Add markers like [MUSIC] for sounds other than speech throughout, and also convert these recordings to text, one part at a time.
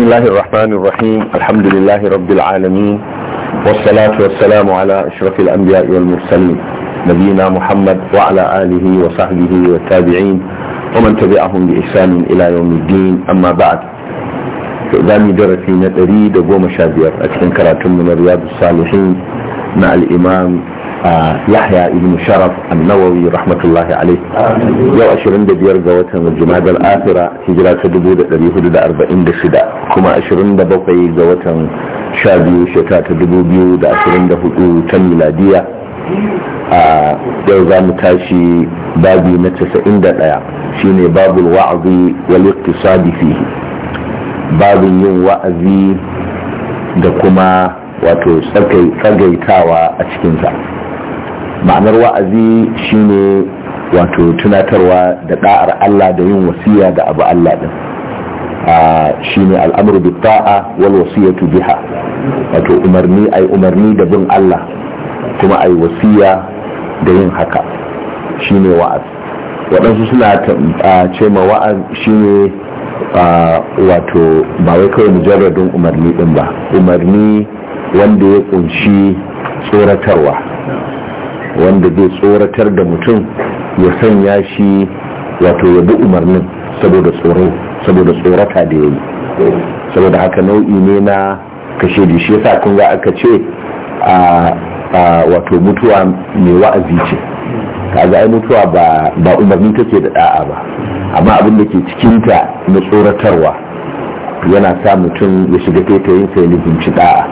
بسم الله الرحمن الرحيم الحمد لله رب العالمين والصلاة والسلام على أشرف الأنبياء والمرسلين نبينا محمد وعلى آله وصحبه والتابعين ومن تبعهم بإحسان إلى يوم الدين أما بعد فإذا درسي نتريد وقوم شابير أتكن كراتم من رياض الصالحين مع الإمام yahya ibn sharaf annawawi rahmatullahi alaihi yau 25 ga watan jumadal Afira hijira ta 1446 kuma 27 ga watan 12 shekara ta 2024 ta miladiya a yau za mu tashi babi na 91 shine babul wa'azi wal iqtisadi fihi babin yin wa'azi da kuma wato tsagaitawa a cikinsa ma'anar wa'azi shine wato tunatarwa da da'ar Allah da yin wasiya da abu Allah din shine al'amru bi ta'a wal wasiyatu biha wato umarni ai umarni da bin Allah kuma ai wasiya da yin haka shine wa'az waɗansu suna ce ma wa'az shine wato ba wai kawai mujarradin umarni din ba umarni wanda ya kunshi tsoratarwa wanda zai tsoratar da mutum ya sanya shi wato ya bi umarnin saboda tsoro saboda tsorata da ya yi saboda haka nau'i ne na kashe da shi yasa kun ga aka ce a wato mutuwa mai wa'azi ce kaga ai mutuwa ba ba umarni take da da'a ba amma abin da ke cikinta na tsoratarwa yana sa mutum ya shiga taitayin sai ya da'a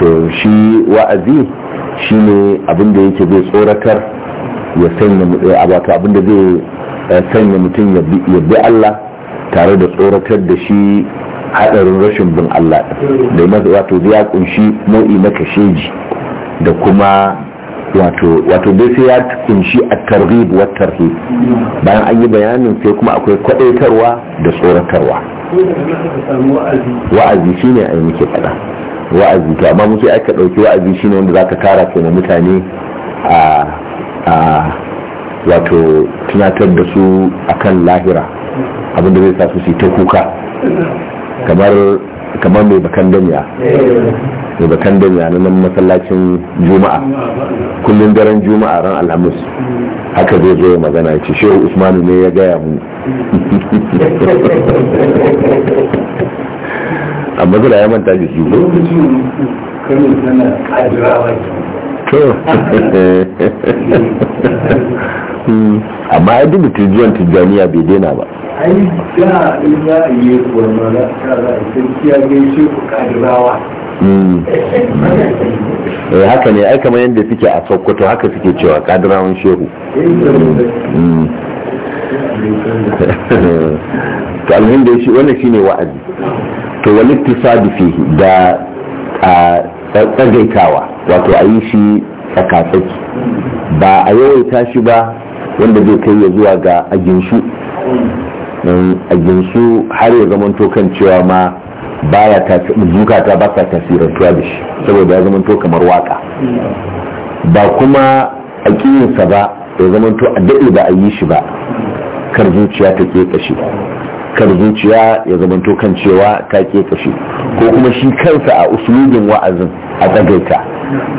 to shi wa'azi shine abin da yake zai tsoratar ya sanya abata eh, abin da zai eh, sanya mutum ya bi Allah tare da tsoratar da shi hadarin rashin bin Allah da yi wato zai kunshi nau'i na kasheji da kuma wato wato dai sai ya kunshi a targhib wa tarhib bayan an yi bayanin sai kuma akwai kwadaitarwa da tsoratarwa wa'azi shi ne ai muke faɗa wa'azi to amma musu aka ɗauki wa'azi shine wanda zaka tara kai mutane a a wato tunatar da su akan lahira abinda zai sa su su ta kuka kamar kamar mai bakan danya mai bakan danya na nan masallacin juma'a kullum daren juma'a ran alhamis haka zai zo magana ya ce shehu usmanu ne ya gaya mu [LAUGHS] amma gida ya manta da su [LAUGHS] amma ya duk tijiyar tijjaniya bai daina ba da a hmm. eh, haka ne ai kamar yadda suke a sokoto haka suke cewa kadirawan shehu hmm. [LAUGHS] to alhamdulillah shi shine wa'azi to wani fihi da tsagaitawa wato a yi shi tsakatsaki ba a yawaita shi ba wanda zai kai ya zuwa ga aginsu aginsu har ya zama kan cewa ma baya zukata ba sa tasirantuwa da shi saboda ya zamanto kamar waka ba kuma a ba ya zamanto a daɗe ba a yi shi ba kar zuciya ta ke kashe kan zuciya ya to kan cewa ta ke kashe ko kuma shi kansa a usulubin wa'azin a tsagaita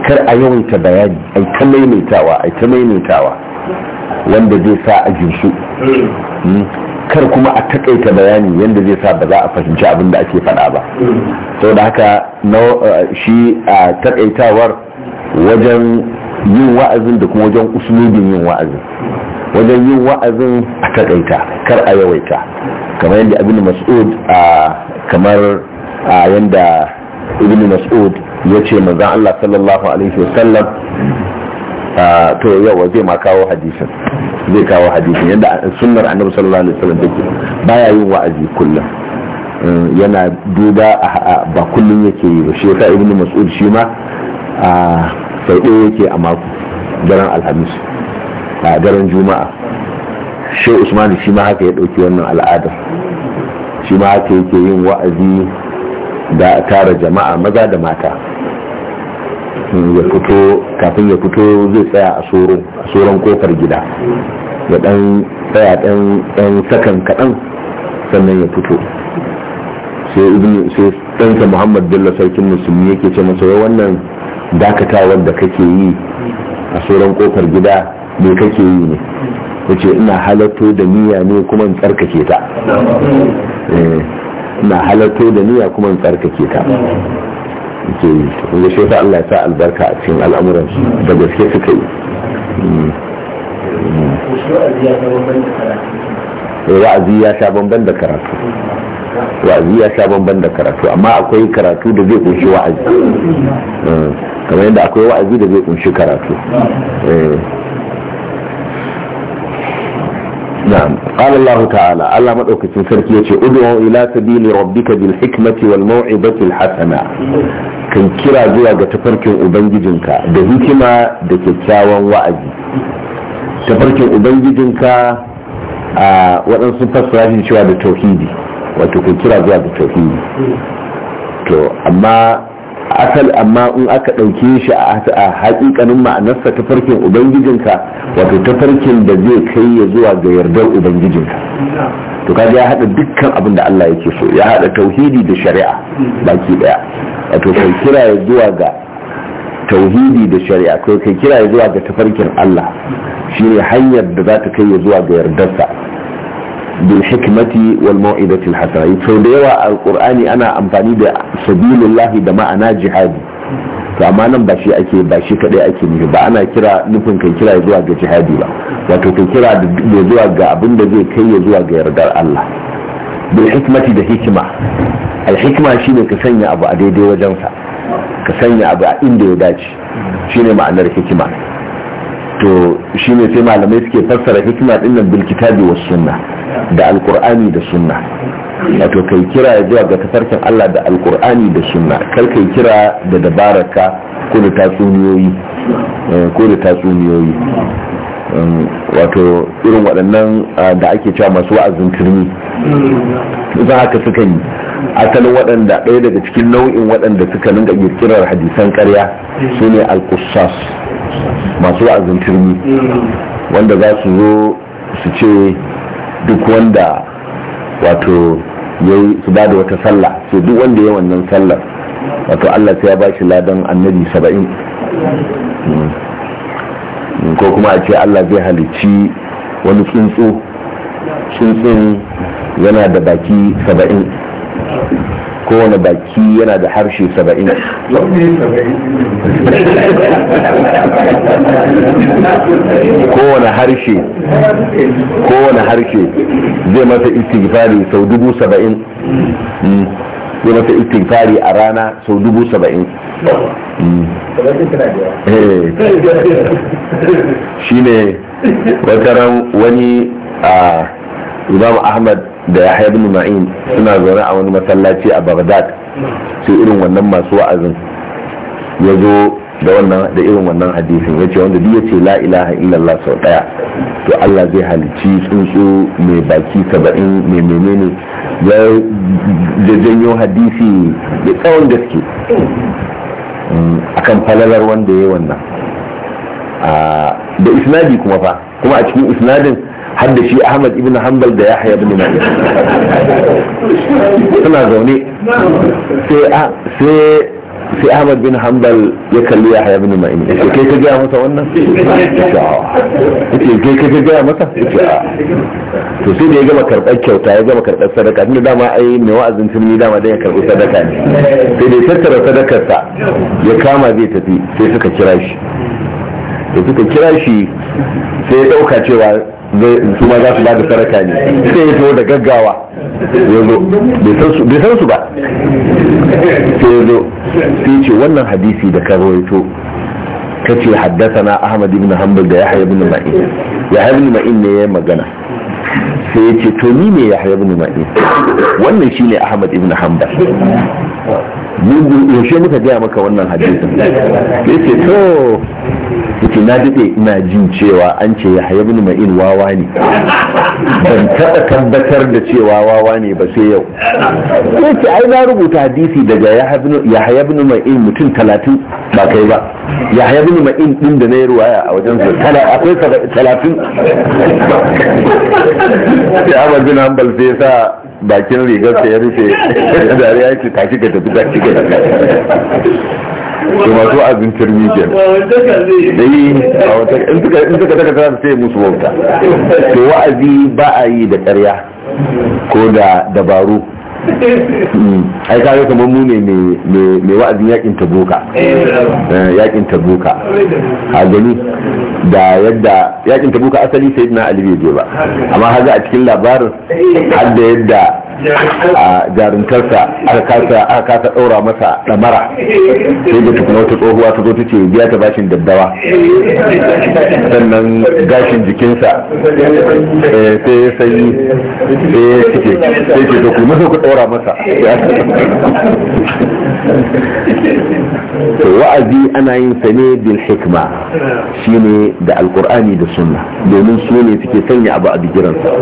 kar a yawaita bayani yi ta maimaitawa yi ta maimaitawa wanda zai sa a jinsu hmm. kar kuma a takaita bayani yadda zai sa ba za a fahimci abin da ake faɗa ba saboda haka eh, shi a takaitawar wajen yin wa'azin da kuma wajen usulubin yin wa'azin wajen yin wa'azin a takaita kar a yawaita kamar yadda ibn mas'ud a kamar a yadda ibn mas'ud ya ce manzan Allah sallallahu alaihi wasallam to yawa zai ma kawo hadisin zai kawo hadisin yadda sunnar annabi sallallahu alaihi wasallam take baya yin wa'azi kullum mm, yana duba ba kullum yake yi ba shi yasa ibn mas'ud shi ma sai ɗaya yake a mako daren alhamis a daren juma'a shi usmani shi ma haka ya ɗauki wannan al'ada shi ma haka yake yin wa'azi da tara jama'a maza da mata hmm, kafin ya fito zai tsaya a tsoron kofar gida ya ɗan tsaya ɗan sakan kaɗan sannan ya fito sai ɗansa muhammad bello sarkin musulmi yake ce masa wannan dakatawar da kake yi a tsoron kofar gida me kake yi ne ce ina halatto da niyya ne kuma in tsarkake ta eh, ina halatto da niyya kuma in tsarkake ta ke yi wanda shi ta Allah ya sa albarka a cikin al'amuran da gaske suka yi hmm. Hmm. Wa'azi ya sha bamban da karatu wa'azi ya sha bamban da karatu amma akwai karatu da zai kunshi wa'azi hmm. kamar yadda akwai wa'azi da zai kunshi karatu eh. na'am qala Allah ta'ala Allah madaukakin sarki yace ud'u ila sabili rabbika bil hikmati wal mau'izati al hasana kan kira zuwa ga tafarkin ubangijinka da hikima da kyakkyawan wa'azi tafarkin ubangijinka a waɗansu fassara shi cewa da tauhidi wato kan kira ga tauhidi to amma a asal amma in aka ɗauke shi a haƙiƙanin ma'anarsa ta farkin ubangijinka wato ta farkin da zai kai ya zuwa ga yardar ubangijinka to kaga ya haɗa dukkan abin da Allah yake so ya haɗa tauhidi da shari'a baki ɗaya wato kai kira ya zuwa ga tauhidi da shari'a kai kai kira ya zuwa ga tafarkin Allah shine hanyar da za ta kai ya zuwa ga yardarsa bil hikmati wal mau'izati al hasana sau da yawa Al-ƙur'ani ana amfani da sabilillahi da ma'ana jihadi to amma nan ba shi ake ba shi kadai ake nufi ba ana kira nufin kan kira zuwa ga jihadi ba wato kan kira ya zuwa ga abin da zai kai ya zuwa ga yardar Allah bil hikmati da hikima al hikma shine ka sanya abu a daidai wajensa ka sanya abu a inda ya dace shine ma'anar hikima to shi ne sai malamai suke fassara hikima din nan bil kitabi was sunna da alqur'ani da sunna wato kai kira zuwa ga tafarkin Allah da alqur'ani da sunna kar kai kira da dabaraka ko da tasuniyoyi ko da tatsuniyoyi eh, Um, wato irin waɗannan uh, da ake cewa masu wa'azin turmi za haka suka yi asalin waɗanda ɗaya daga cikin nau'in waɗanda suka ninka kirkirar hadisan ƙarya su ne alƙusas masu wa'azin turmi wanda za su zo su ce duk wanda wato ya yi su ba da wata sallah sai duk wanda ya wannan sallah, wato allah sai ya ba shi ladan annabi saba'in hmm. ko kuma a ce allah zai halici wani tsuntsu tsuntsun yana da baki saba'in kowane baki yana da harshe saba'in kowane harshe kowane harshe zai masa istighfari sau dubu saba'in hmm. zai masa istighfari a rana sau dubu saba'in Eh. shi ne wataran wani a imam ahmad da ya ibn ma'in suna zaune a wani masallaci a baghdad sai irin wannan masu wa'azin ya zo da wannan da irin wannan hadisin ya ce wanda duk ya ce la ilaha illallah sau daya to Allah zai halici tsuntsu mai baki saba'in mai menene ya janyo hadisi da tsawon gaske akan falalar wanda ya wannan da isnadi kuma fa kuma a cikin isnadin har da shi ahmad ibn hanbal da yahya ibn ma'in suna zaune sai sai ahmad bin hanbal ya kalli ya haya bin ma'in ya kai ka gaya masa wannan ya kai ka gaya masa to sai da ya gama karɓar kyauta ya gama karɓar sadaka tunda dama ai mai wa'azin turmi dama dai ya karɓi sadaka ne sai da ya tattara sadakarsa ya kama zai tafi sai suka kira shi da suka kira shi sai ya ɗauka cewa su ma za su bada saraka ne sai ya zo da gaggawa ya zo bai san su ba sai ya zo sai ce wannan hadisi da ka rawaito ka ce haddasana ahmad ibn hanbal da yahya ibn ma'in yahya ibn ma'in ne ya magana sai ya ce to ni ne yahya ibn ma'in wannan shine ahmad ibn hanbal yaushe muka gaya maka wannan hadisin sai ce to yake na daɗe ina jin cewa an ce ya haya bin ma'in wawa ne ban taɓa tabbatar da cewa wawa ne ba sai yau yake ai na rubuta hadisi daga ya haya bin ma'in mutum talatin ba kai ba ya haya bin ma'in ɗin da na yi ruwaya a wajen su akwai talatin sai amal bin hanbal sai sa bakin rigar sa ya rufe da ya ce tashi ka tafi ta ka to masu azin turmi ke da yi in suka daga tara su sai musu wauta to wa'azi ba a yi da ƙarya ko da dabaru hmm. ai kaga kamar mune ne mai wa'azin yakin tabuka eh. Eh, yakin tabuka a gani da yadda yakin tabuka asali sai na ali bai ba amma haga a cikin labarin har yadda a jarumtarsa aka kasa ɗora masa ɗamara sai da tukuna wata tsohuwa ta zo ta ce biya ta bashin daddawa sannan gashin jikinsa eh, sai ya sayi sai ya cike sai ce ku masa ku ɗora masa to wa'azi ana yin sa ne bil hikma shine da alkur'ani da sunna domin su ne suke sanya abu a bigiransa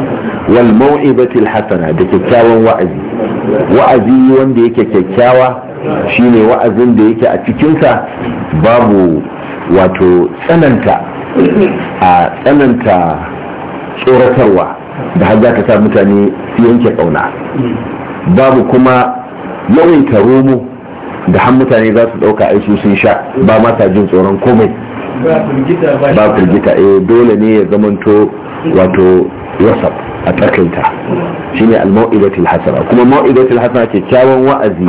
wal mau'ibatil hasana da kyakkyawar kyakkyawan wa'azi wa'azi wanda yake kyakkyawa shine wa'azin da yake a cikinsa babu wato tsananta a tsananta tsoratarwa da har ta sa mutane su yanke ƙauna babu kuma yawan romo da har mutane za su ɗauka aisu sun sha ba masa jin tsoron komai ba firgita eh dole ne ya zamanto wato wasap a takaita shine al-mau'izatul hasana kuma mau'izatul hasana ce kyawun wa'azi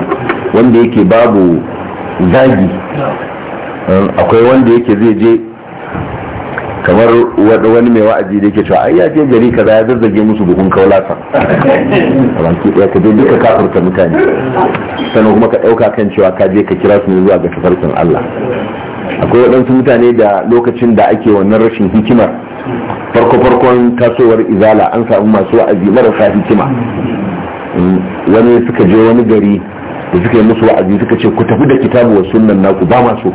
wanda yake babu zagi akwai wanda yake zai je kamar wani mai wa'azi da yake cewa ai ya je gari kaza ya zazzage musu buhun kaulasa ranki [LAUGHS] ɗaya ka duka kafurta mutane sannan kuma ka ɗauka kan cewa ka je ka kira su ne zuwa ga tafarkin Allah akwai waɗansu mutane da lokacin da ake wannan rashin hikimar farko farkon tasowar izala an samu masu wa'azi marasa hikima mm, wani suka je wani gari da suka yi musu wa'azi suka ce ku tafi da kitabu wa sunan naku ba masu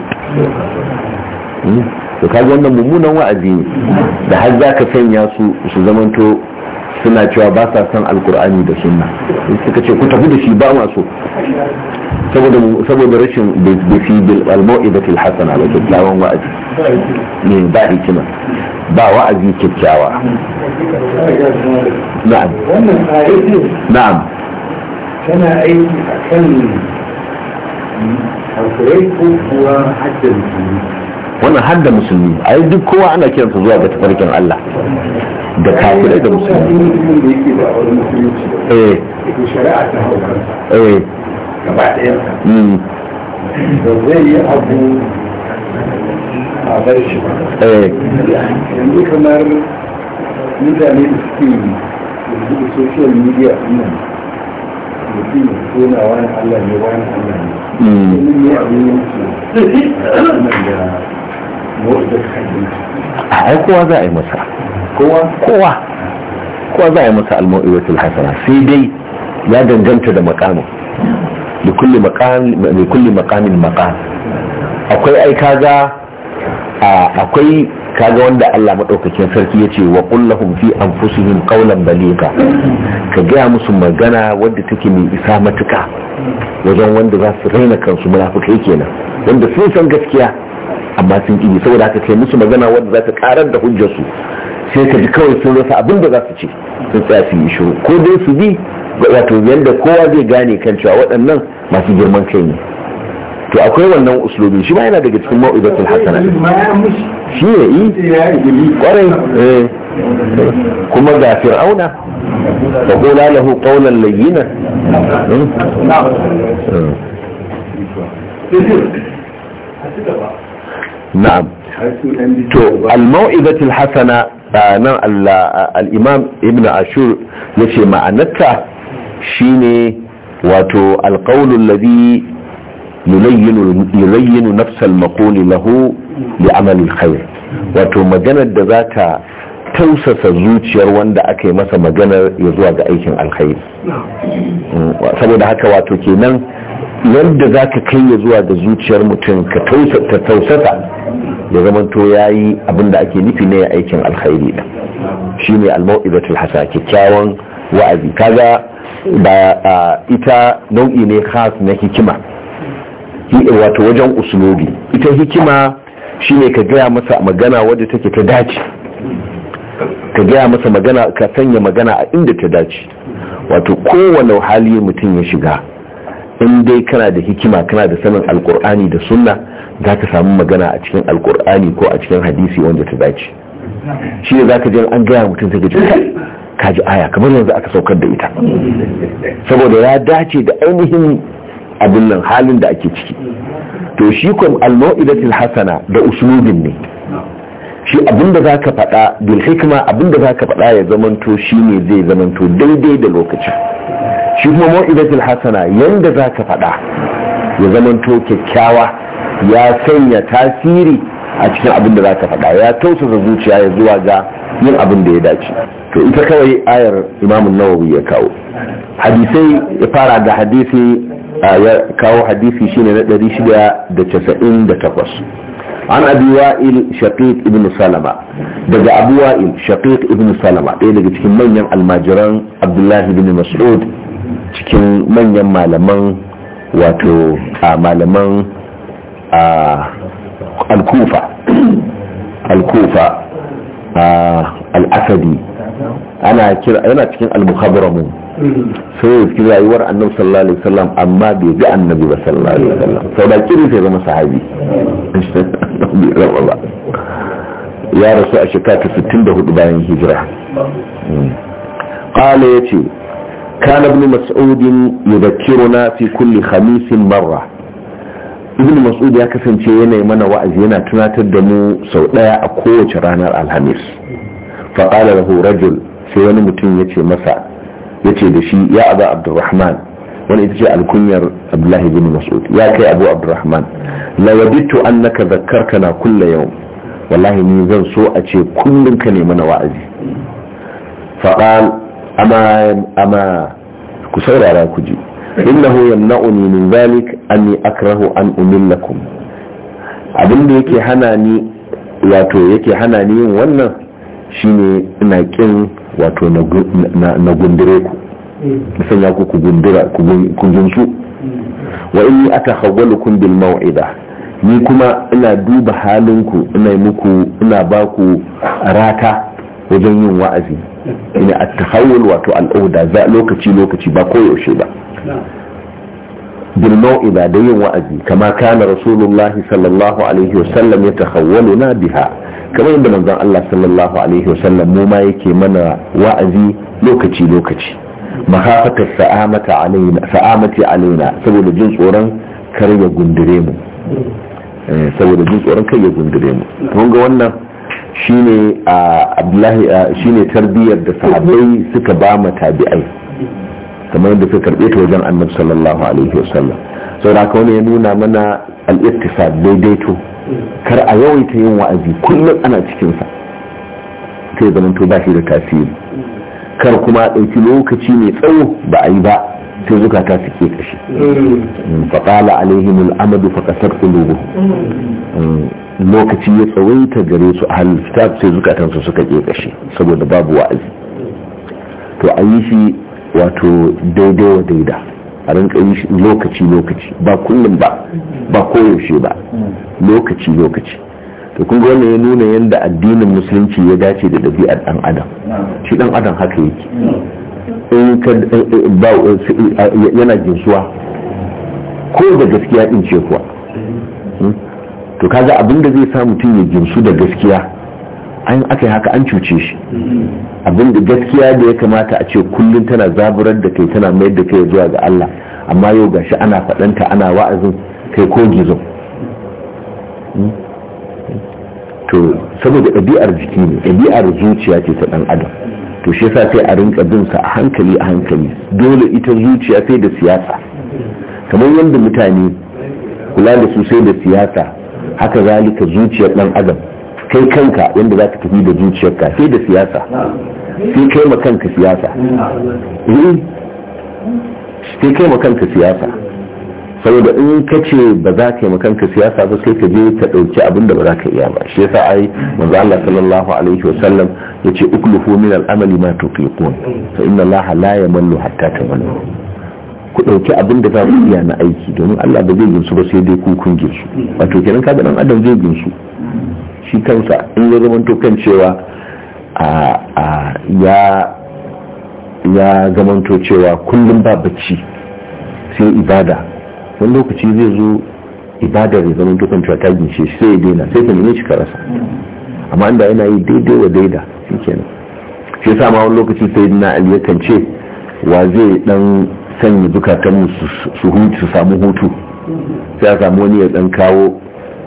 da mm, kaji wannan mummunan wa'azi ne da har za ka sanya su su zamanto suna cewa ba sa san alkur'ani da sunna suka ce ku tafi da shi ba masu saboda saboda rashin da fi bil almu'idatil hasana da kyakkyawan wa'azi ne ba hikima ba wa'azi kyakkyawa na'am wannan sai na'am kana aiki akan alkur'ani ko kuwa haddin wannan har da musulmi a yi duk kowa ana kiransa zuwa ga tafarkin Allah da kafirai da musulmi eh social media a kowa za a yi masa kowa kowa za a yi masa almu'iwatul hasana sai dai ya danganta da makamin da kulli makamin makam akwai ai kaga akwai kaga wanda Allah maɗaukakin sarki ya ce wa kullahum fi anfusihim qawlan baliga ka gaya musu magana wadda take mai isa matuka wajen wanda za su raina kansu munafukai kenan wanda sun san gaskiya amma sun ƙi saboda haka kai musu magana wanda za ta karar da hujjarsu sai ka ji kawai sun rasa abin da za su ce sun tsaya su yi shiru ko dai su bi wato yadda kowa zai gane kan cewa waɗannan masu girman kai ne to akwai wannan uslubi shi ma yana daga cikin mau'izatul hasana shi ne yi eh? kwarai eh. kuma ga fir'auna fa qula lahu qawlan layyina hmm? Hmm. نعم الموئدة الحسنة آه، نعم، آه، الإمام ابن عاشور يشي معنك شيني واتو القول الذي يلين, يلين نفس المقول له لعمل الخير واتو مجند ذاتا tausasa zuciyar wanda aka yi masa maganar ya zuwa ga aikin alkhairi saboda haka wato kenan yadda za ka kai ya zuwa ga zuciyar mutum ka tausasa ya zamanto ya yi abinda ake nufi ne aikin alkhairi da shi ne almau'izatul hasa kyakkyawan wa'azi kaga ba ita nau'i ne khas na hikima wato wajen usulobi ita hikima shi ne ka gaya masa magana wadda take ta dace ka gaya masa magana ka sanya magana a inda ta dace wato kowane hali mutum ya shiga in dai kana da hikima kana da sanin alkur'ani da sunna za ka samu magana a cikin alkur'ani ko a cikin hadisi wanda ta dace shi ne za ka ji an gaya mutum sai gaji ka ji aya kamar yanzu aka saukar da ita saboda ya dace da ainihin abin nan halin da ake ciki to shi kuma al-ma'idatul hasana da usulubin ne shi abinda za ka faɗa bil hikima abinda za ka faɗa ya zamanto shi ne zai zamanto daidai da lokaci. shi kuma ma'idatul hasana yanda za ka faɗa ya zamanto kyakkyawa ya sanya tasiri a cikin abinda da za ka faɗa ya tausasa zuciya ya zuwa ga yin abin da ya dace to ita kawai ayar imamun nawawi ya kawo hadisai ya fara da hadisi ya kawo hadisi shine na 698 an abi wa'il shaqiq ibn salama daga abu wa'il shaqiq ibn salama ɗaya daga cikin manyan almajiran abdullahi ibn mas'ud cikin manyan malaman wato a malaman al-kufa al-kufa al-asadi ana kira yana cikin al mukhabaramu sai yake rayuwar annabi sallallahu alaihi wasallam amma bai ga annabi ba sallallahu alaihi wasallam sau da kiri sai zama sahabi [LAUGHS] ya rasu a shekara ta 64 bayan hijira hmm. qala yace kana ibn mas'ud yudhakkiruna fi kulli khamis marra ibn mas'ud ya kasance yana mana wa'azi yana tunatar da mu sau daya a kowace ranar alhamis faƙala lahu rajul sai wani mutum ya ce masa ya ce da shi ya abu abdurrahman wani ita ce alkunyar abdullahi bin mas'ud ya kai abu abdurrahman la wadittu annaka na kulla yau wallahi ni zan so a ce kullum ka ne mana wa'azi faqal amma amma ku saurara ku ji innahu yamna'uni min zalik anni akrahu an umillakum abin yake hana ni wato yake hana ni yin wannan shine ina kin wato na gundure ku mm. sanya ku ku gundura ku gunsu mm. wa inni kun bil maw'ida ni kuma ina duba halinku ina muku ina ba ku rata wajen yin wa'azi [LAUGHS] ina at-tahawul wato al'uda za lokaci lokaci ba koyaushe ba bil maw'ida da yin wa'azi kama kana rasulullahi sallallahu alaihi wasallam na biha kamar yadda manzon Allah sallallahu alaihi wasallam mu ma yake mana wa'azi lokaci lokaci mahafata sa'amata alaina sa'amati alaina saboda jin tsoron kar ya gundure mu eh, saboda jin tsoron kar ya gundure mu kun ga wannan shine Abdullahi shine tarbiyyar da sahabbai suka ba mu tabi'ai kamar yadda suka karbe ta wajen Annabi sallallahu alaihi wasallam saboda haka wani ya nuna mana al-ittisab daidaito kar a yawaita yin wa'azi kullum ana cikinsa sai zaman to ba shi da tasiri kar kuma a ɗauki lokaci mai tsawo ba a yi ba sai zukata suke kashi mm. faƙala alaihim al'amadu faƙasar ƙulubu mm. lokaci ya tsawaita gare su a halin kitab sai zukatansu suka ke kashe, saboda babu wa'azi to a yi shi wato daidai wa daida a rinka yi lokaci lokaci ba kullum ba ba koyaushe ba lokaci lokaci to kun ga wannan ya nuna yadda addinin musulunci ya dace da ɗabi'ar ɗan adam shi ɗan adam haka yake in ka yana jinsuwa ko da gaskiya din ce kuwa hmm? to kaga abin da zai sa mutum ya jinsu da gaskiya an aka haka an cuce shi abinda gaskiya da ya kamata a ce kullum tana zaburar da kai tana mayar da kai zuwa ga Allah amma yau gashi ana faɗanta ana wa'azin kai ko gizo hmm? to saboda ɗabi'ar jiki ne ɗabi'ar zuciya ce ta ɗan adam to shi yasa sai a rinka bin sa a hankali a hankali dole ita zuciya sai da siyasa kamar yadda mutane kula da su sai da siyasa haka zalika zuciyar ɗan adam kai kanka yadda za ka tafi da zuciyarka sai da siyasa sai kai ma kanka siyasa eh, sai kai ma kanka siyasa saboda in ka ce ba za ka yi ma kanka siyasa ba sai ka je ka dauki abin da ba za ka iya ba shi yasa ai manzo Allah sallallahu alaihi wasallam yace uklufu min al-amali ma tuqiqun fa inna Allah la yamallu hatta tamallu ku dauki abin da za ku iya na aiki domin Allah ba zai ginsu ba sai dai ku kun ginsu wato kenan kaga dan adam zai ginsu shi kansa in ya zama kan cewa ya ya zamanto cewa kullum ba bacci sai ibada wani lokaci zai zo ibada zai zamanto kan cewa ta ginshe shi sai ya daina sai ka nemi shi karasa amma inda yana yi daidai wa daida shi kenan shi yasa ma wani lokaci sai na ali yakan ce wa zai dan sanya zukatan su su samu hutu sai a samu wani ya dan kawo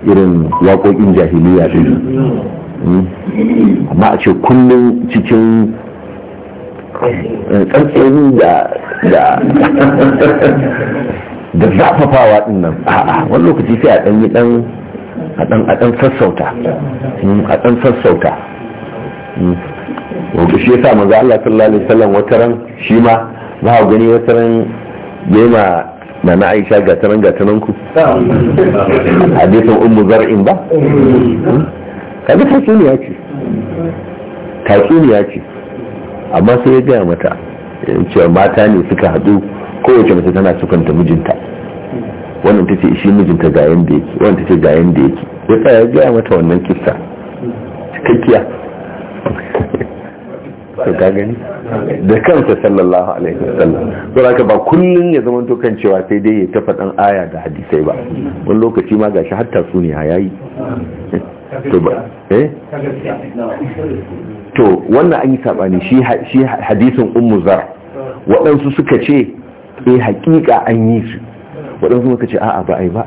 irin waƙoƙin jahiliya ɗin amma a ce kullum cikin eh, tsantsani da da zafafawa ɗin nan a'a wani lokaci sai a ɗan yi ɗan a ɗan sassauta a ɗan sassauta wanda shi yasa manzo Allah sallallahu alaihi wasallam wataran shi ma ba gani wata ran na na aisha gatanan gatanan ku hadisin ummu zar'in ba kaga tatsuniya ce tatsuniya ce amma sai ya gaya mata eh, cewa mata ne suka haɗu kowace mace tana sukanta mijinta wannan ta ce shi mijinta ga yanda yake wannan ta ce ga yanda yake ya tsaya gaya mata wannan kissa cikakkiya to ka da kansa sallallahu alaihi wasallam to haka ba kullun ya zama to kan cewa sai dai ya tafa dan aya da hadisai ba wani lokaci ma gashi hatta su ne yayi to ba eh to wannan an yi sabani shi shi hadisin ummu zar waɗansu suka ce eh hakika an yi su waɗansu suka ce a'a ba ai ba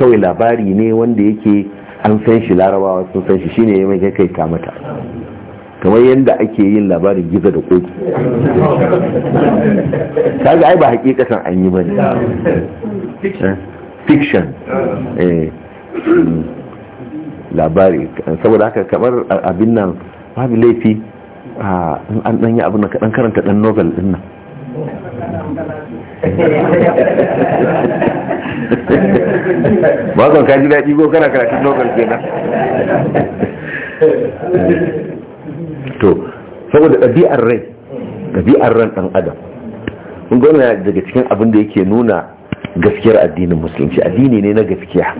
kawai labari ne wanda yake an san shi larabawa sun san shi shine ya mai kai kamata kamar yadda ake yin labarin gizo da koki kaga ai ba hakikatan an yi bane fiction ah. eh. labari saboda haka kamar abin nan babu laifi a ah, dan yi abin kaɗan karanta ɗan novel din nan [LAUGHS] ba zan kaji daɗi ko kana karatun novel kenan [LAUGHS] to saboda ɗabi'ar rai ɗabi'ar ran ɗan adam kun gona daga cikin abin da yake nuna gaskiyar addinin musulunci addini ne na gaskiya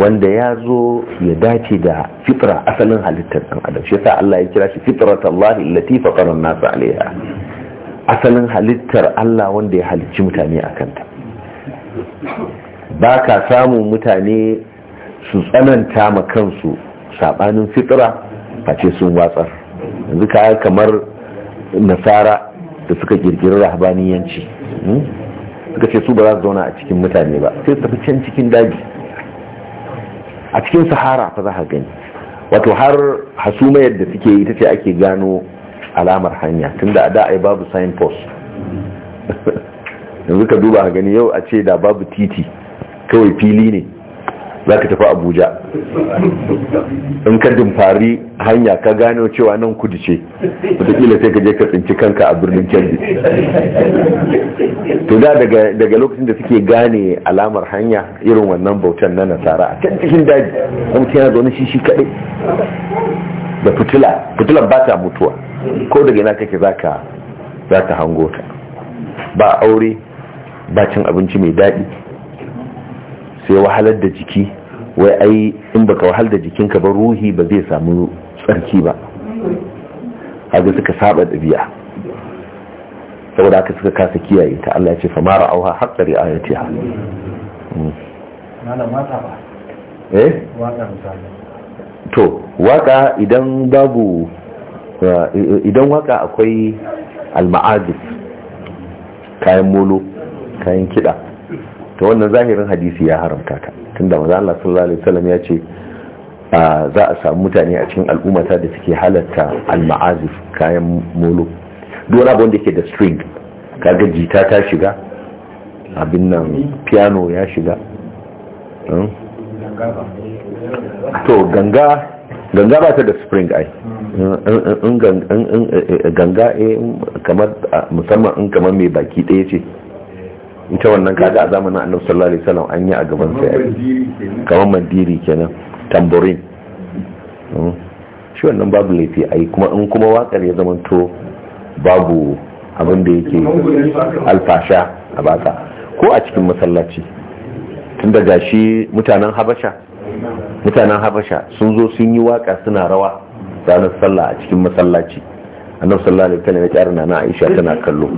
wanda ya zo ya dace da fitra asalin halittar ɗan adam shi yasa Allah ya kira shi fitrat Allah allati fatara an-nas alayha asalin halittar Allah wanda ya halicci mutane a kanta baka samu samun mutane su tsananta ma kansu sabanin fitra face sun watsar yanzu kaya kamar nasara da suka kirkiri rahabaniyanci hmm? suka ce su ba za su zauna a cikin mutane ba sai tafi can cikin daji a cikin sahara ta za ka gani wato har hasumayar da suke yi ta ce ake gano alamar hanya tunda a da ayi babu signpost [LAUGHS] yanzu ka duba a gani yau a ce da babu titi kawai fili ne za ka tafi abuja in ka dumfari hanya ka gano cewa nan kudu ce wataƙila sai ka je ka tsinci kanka a birnin kebbi to da daga lokacin da suke gane alamar hanya irin wannan bautan na nasara a can cikin daji a mutum yana zaune shi shi kaɗai da fitila fitilan ba ta mutuwa ko daga ina kake za ka hango ta ba aure ba cin abinci mai daɗi sai wahalar da jiki wai ai in baka wahal da jikinka ba ruhi ba zai samu tsarki ba haka suka saba ɗabi'a saboda haka suka kasa kiyaye ta Allah ya ce fa mara auha haqqa ri'ayatiha hmm. eh to waka idan babu uh, idan waka akwai al maadis kayan molo kayan kiɗa to wannan zahirin hadisi ya haramta ta tunda maza Allah sallallahu alaihi wasallam ya ce za a samu mutane a cikin al'ummata da suke halatta al-ma'azif kayan molo duk wani abu da yake da string kaga jita ta shiga abin nan piano ya shiga to ganga ganga ba ta da spring ai in ganga kamar musamman in kamar mai baki ɗaya ce ita wannan kaga a zamanin annabi sallallahu alaihi wasallam an yi a gaban sa kamar mandiri kenan tamborin hmm. shi wannan babu laifi ai kuma in kuma wakar ya to babu abin da yake alfasha a baka ko a cikin masallaci tun daga shi mutanen habasha mutanen habasha sun zo sun yi waka suna rawa ranar sallah a cikin masallaci annabi sallallahu alaihi wasallam ya kyara na Aisha tana kallo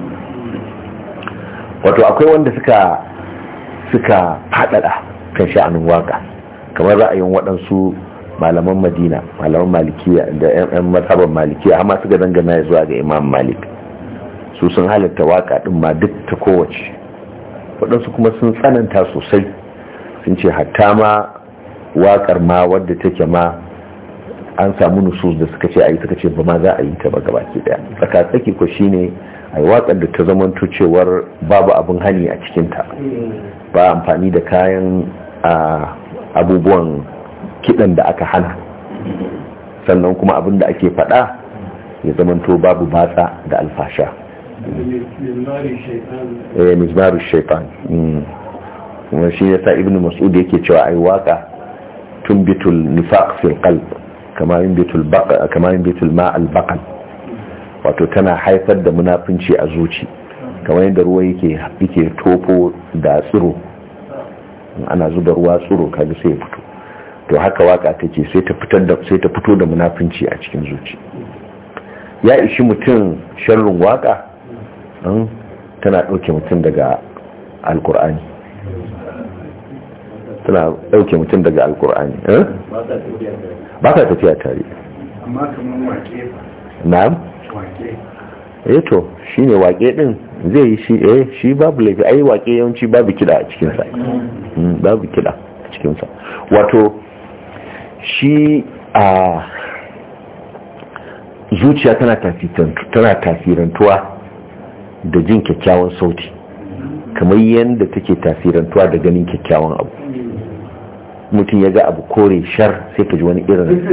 wato akwai wanda suka suka fadada kan sha'anin waka kamar ra'ayin waɗansu malaman madina malaman malikiya da yan mazhaban malikiya amma suka dangana zuwa ga imam malik su sun halatta waka ɗin ma duk ta kowace waɗansu kuma sun tsananta sosai sun ce hatta ma wakar ma wadda take ma an samu nusus da suka ce a yi suka ce ba ma za a yi ta ba gabaki daya tsaka tsaki ko shine a waƙar da ta zamanto cewar babu abin hani a cikinta ba amfani da kayan abubuwan kiɗan da aka hana sannan kuma abin da ake faɗa ya zamanto babu batsa da alfasha eh mizmaru shaitan hmm. kuma shi yasa ibn mas'ud yake cewa ai waka tumbitul nifaq fil qalb kama yumbitul baqa ma al baqal wato tana haifar da munafunci a zuci kamar yadda ruwa yake tofo da tsiro ana zuba ruwa tsiro kaga sai ya fito to haka waka ta ce sai ta fito da munafunci a cikin zuci ya ishi mutum sharrin waka tana ɗauke mutum daga alkur'ani tana ɗauke mutum daga alkur'ani eh? ba ka tafiya tare amma kamar wake na'am eh to shine wake din zai yi shi eh shi babu laifi ai wake yawanci babu kida a cikinsa. Hmm, babu kida a cikinsa. wato shi a zuciya tana tafirantuwa tasirantuwa da jin kyakkyawan sauti kamar yadda take tasirantuwa da ganin kyakkyawan abu mutum ya ga abu kore shar sai ka ji wani irin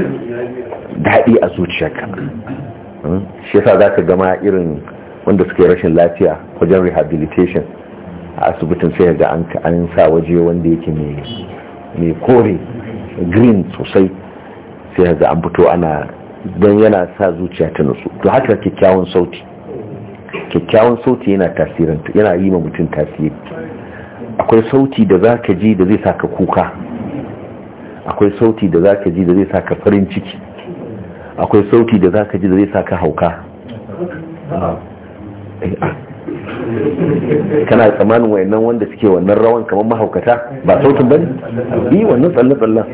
daɗi a zuciyarka Hmm? shi yasa za ka gama irin wanda suke rashin lafiya wajen rehabilitation a asibitin sai ga an sa waje wanda yake mai kore green sosai sai ga an fito ana don yana sa zuciya ta nutsu to haka kyakkyawan sauti kyakkyawan sauti yana tasirin yana yi ma mutum tasiri akwai sauti da za ka ji da zai sa ka kuka akwai sauti da za ka ji da zai sa ka farin ciki akwai sauti da za ka ji da zai sa ka hauka kana tsamanin wayannan wanda suke wannan rawan kamar mahaukata ba sautin ba ne yi wannan tsalle-tsallen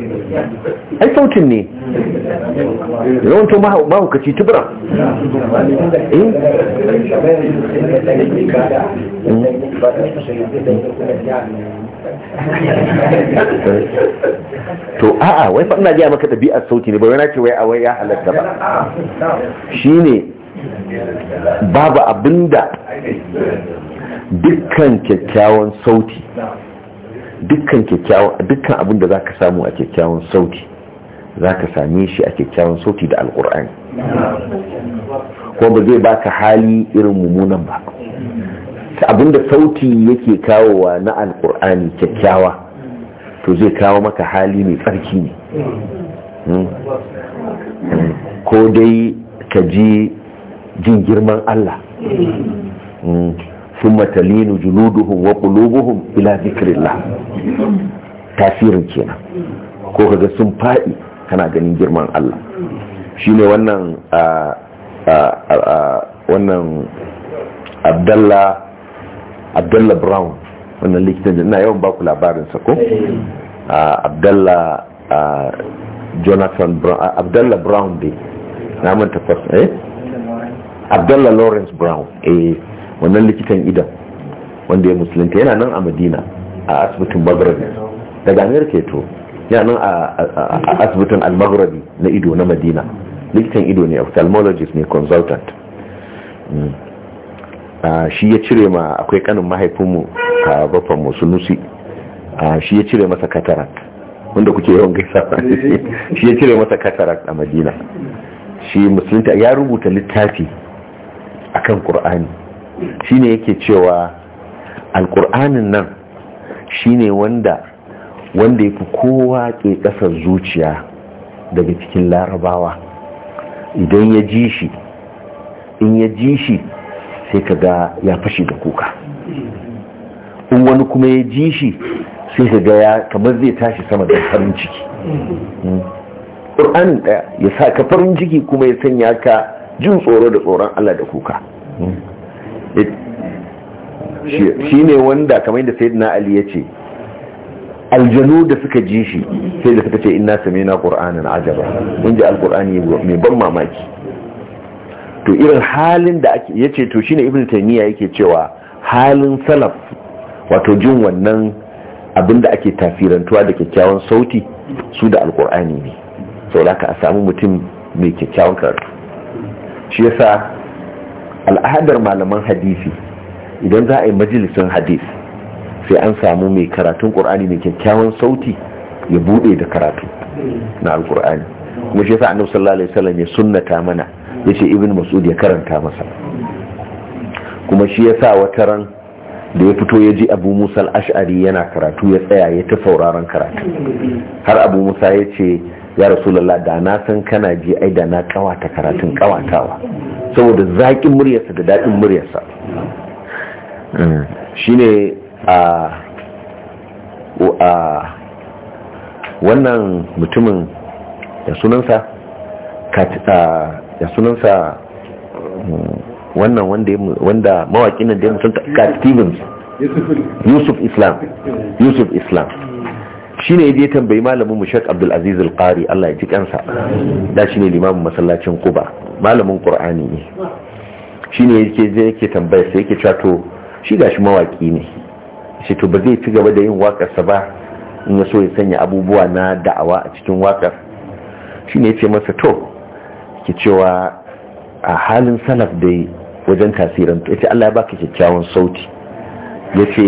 ai sautin ne rawan to mahaukaci tubura eh to a'a wai ba ina ga maka ɗabi'ar sauti ne ba wai na ce wai a wai ya halatta ba shine babu abinda dukkan kyakkyawan sauti dukkan kyakkyawan dukkan abinda zaka samu a kyakkyawan sauti zaka same shi a kyakkyawan sauti da alkur'ani ko ba zai baka hali irin mummunan ba abinda sauti yake kawowa na alkur'ani kyakkyawa to zai kawo maka hali mai tsarki ne hmm? ko dai ka ji jin girman Allah sun hmm? matalinu juluduhun wa ƙulubuhun ila zikirillah tasirin kenan ko kaga sun faɗi kana ganin girman Allah shi ne wannan wannan abdallah abdullah brown wannan likitan na yawan baku labarinsa ko ah, abdullah ah, jonathan brown ah, abdullah brown dey na manta first eh abdullah lawrence brown eh wannan likitan idan wanda ya musulunta yana nan a madina a asibitin maghrabi daga amerika ke to yana nan a asibitin al na ido na madina likitan ido ne ophthalmologist ne consultant hmm. shi ya cire ma akwai kanin mahaifinmu a bafan musunusi shi ya cire masa katarak wanda kuke yawan gaisa [LAUGHS] shi ya cire masa katarak a madina shi musulunta ya rubuta littafi a kan akan Shi ne yake cewa alƙur'anin nan shi ne wanda wanda fi kowa ke ƙasar zuciya daga cikin larabawa idan ya ji shi in ya ji shi sai ka ga ya fashe da kuka in wani kuma ya ji shi sai ka ga ya kamar zai tashi sama da farin ciki ƙur'anin ɗaya ya sa ka farin ciki kuma ya sanya ka jin tsoro da tsoron Allah da kuka shi ne wanda kamar yadda sayyidina ali ya ce aljanu da suka ji shi sai da suka ce ina sami na ƙur'anin ajaba mun ji alƙur'ani mai ban mamaki to irin halin da ya yace to shine ibnu taymiya yake cewa halin salaf wato jin wannan abin da ake tafirantuwa da kyakkyawan sauti su da alkur'ani ne sau da ka a samu mutum mai kyakkyawan karatu shi yasa al'adar malaman hadisi idan za a yi majalisun hadis sai an samu mai karatun ƙur'ani mai kyakkyawan sauti ya bude da karatu na alkur'ani kuma shi yasa annabi sallallahu alaihi wasallam ya sunnata mana ya ce ibn masud ya karanta masa kuma shi ya sa wata ran da ya fito ya ji abu musa al'ashari yana karatu ya tsaya ya ta sauraron karatu har abu musa ya ce ya rasulallah da na san kana ji ai da na kawata karatun kawatawa saboda zaƙin muryarsa da daɗin muryarsa shine a a wannan mutumin da sunansa ya sunansa wannan wanda mawaƙi nan da sun stevens yusuf islam yusuf islam shi ne ya tambayi malamin mu shek abdulaziz al-qari allah ya ji kansa da shi ne limamin masallacin kuba malamin ƙur'ani ne shi ne yake tambaya sai yake cato shi gashi mawaƙi ne shi to ba zai ci gaba da yin waƙarsa ba in ya so ya sanya abubuwa na da'awa a cikin waƙar shi ne ya ce masa to ki cewa a halin salaf dai wajen tasirin ya ce Allah ya baka kyakkyawan sauti ya ce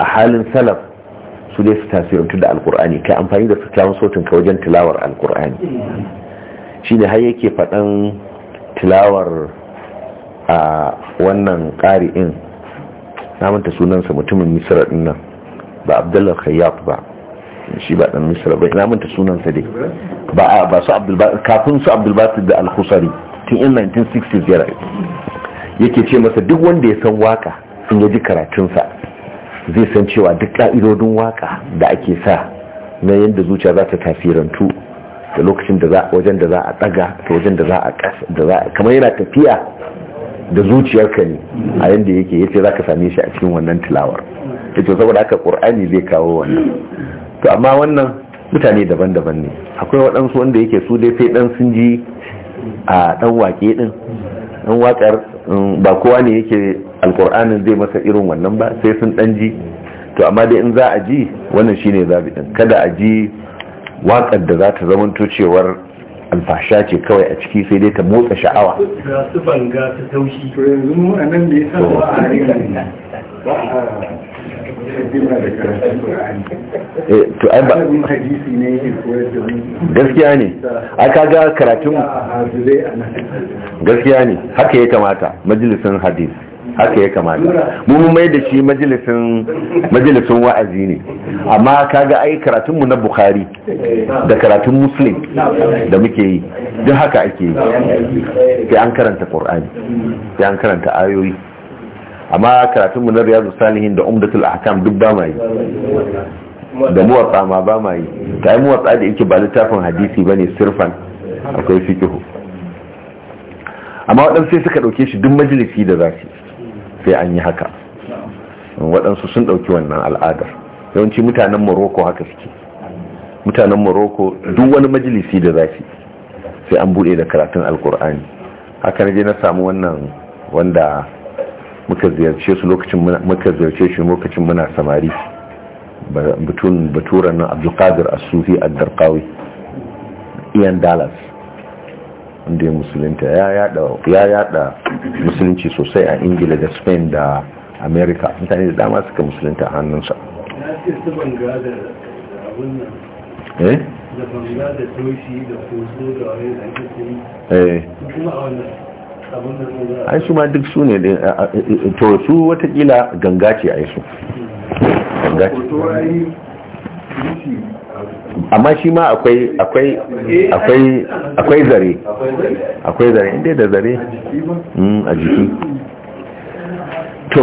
a halin salaf su dai su tasirantu da alkur'ani kai amfani da kyakkyawan sautin ka wajen tilawar alkur'ani shi ne har yake faɗan tilawar a wannan ƙari'in namanta sunansa mutumin misira ɗin nan ba abdullahi khayyab ba shi ba dan misra ba ina manta sunansa dai ba ba su abdul kafin su abdul basit da al-khusari tun in 1960 ya rayu yake ce masa duk wanda ya san waka in ya ji karatunsa zai san cewa duk ka'idodin waka da ake sa na yadda zuciya za ta tasirantu da lokacin da za wajen da za a daga da wajen da za a da za kamar yana tafiya da zuciyarka ne a yadda yake yace zaka same shi a cikin wannan tilawar yace saboda haka qur'ani zai kawo wannan to amma wannan mutane daban-daban ne akwai waɗansu wanda yake su dai sai ɗan sun ji a ɗan waƙe ɗin ɗan waƙar mm, ba kowa ne yake alƙur'anin zai masa irin wannan ba sai sun ɗan ji to amma dai in za a ji wannan shine zabi ɗin kada a ji waƙar da za ta zamanto cewar alfasha ce kawai a ciki sai dai ta motsa sha'awa Eh, to ai ba gaskiya ne a kaga karatun gaskiya ne haka ya kamata majalisun hadis haka ya kamata Mu mai da shi majalisun wa'azi ne amma kaga ai karatun mu na bukhari da karatun muslim da muke yi duk haka ake yi sai an karanta qur'ani sai an karanta ayoyi amma karatun mu na riyadu salihin da umdatul ahkam duk ba ma yi da muwatsa ma ba ma yi ta yi muwatsa da yake ba littafin hadisi ba ne sirfan akwai fikihu amma waɗansu sai suka ɗauke shi duk majalisi da za su sai an yi haka waɗansu sun ɗauki wannan al'adar yawanci mutanen morocco haka suke mutanen morocco duk wani majalisi da za su sai an buɗe da karatun alkur'ani haka na je na samu wannan wanda muka ziyarce su lokacin muka ziyarce shi lokacin muna samari batun baturan nan abdulkadir as-sufi ad-darqawi iyan dallas wanda ya musulunta ya yada ya yada musulunci sosai a ingila da spain da america mutane da dama suka musulunta hannun sa eh da banga da toshi da koso da wani da eh. kuma ai su ma duk su ne eh, eh, eh, to su watakila ganga ce a su ganga ce amma shi ma akwai akwai akwai akwai zare akwai zare inda da zare a jiki mm, to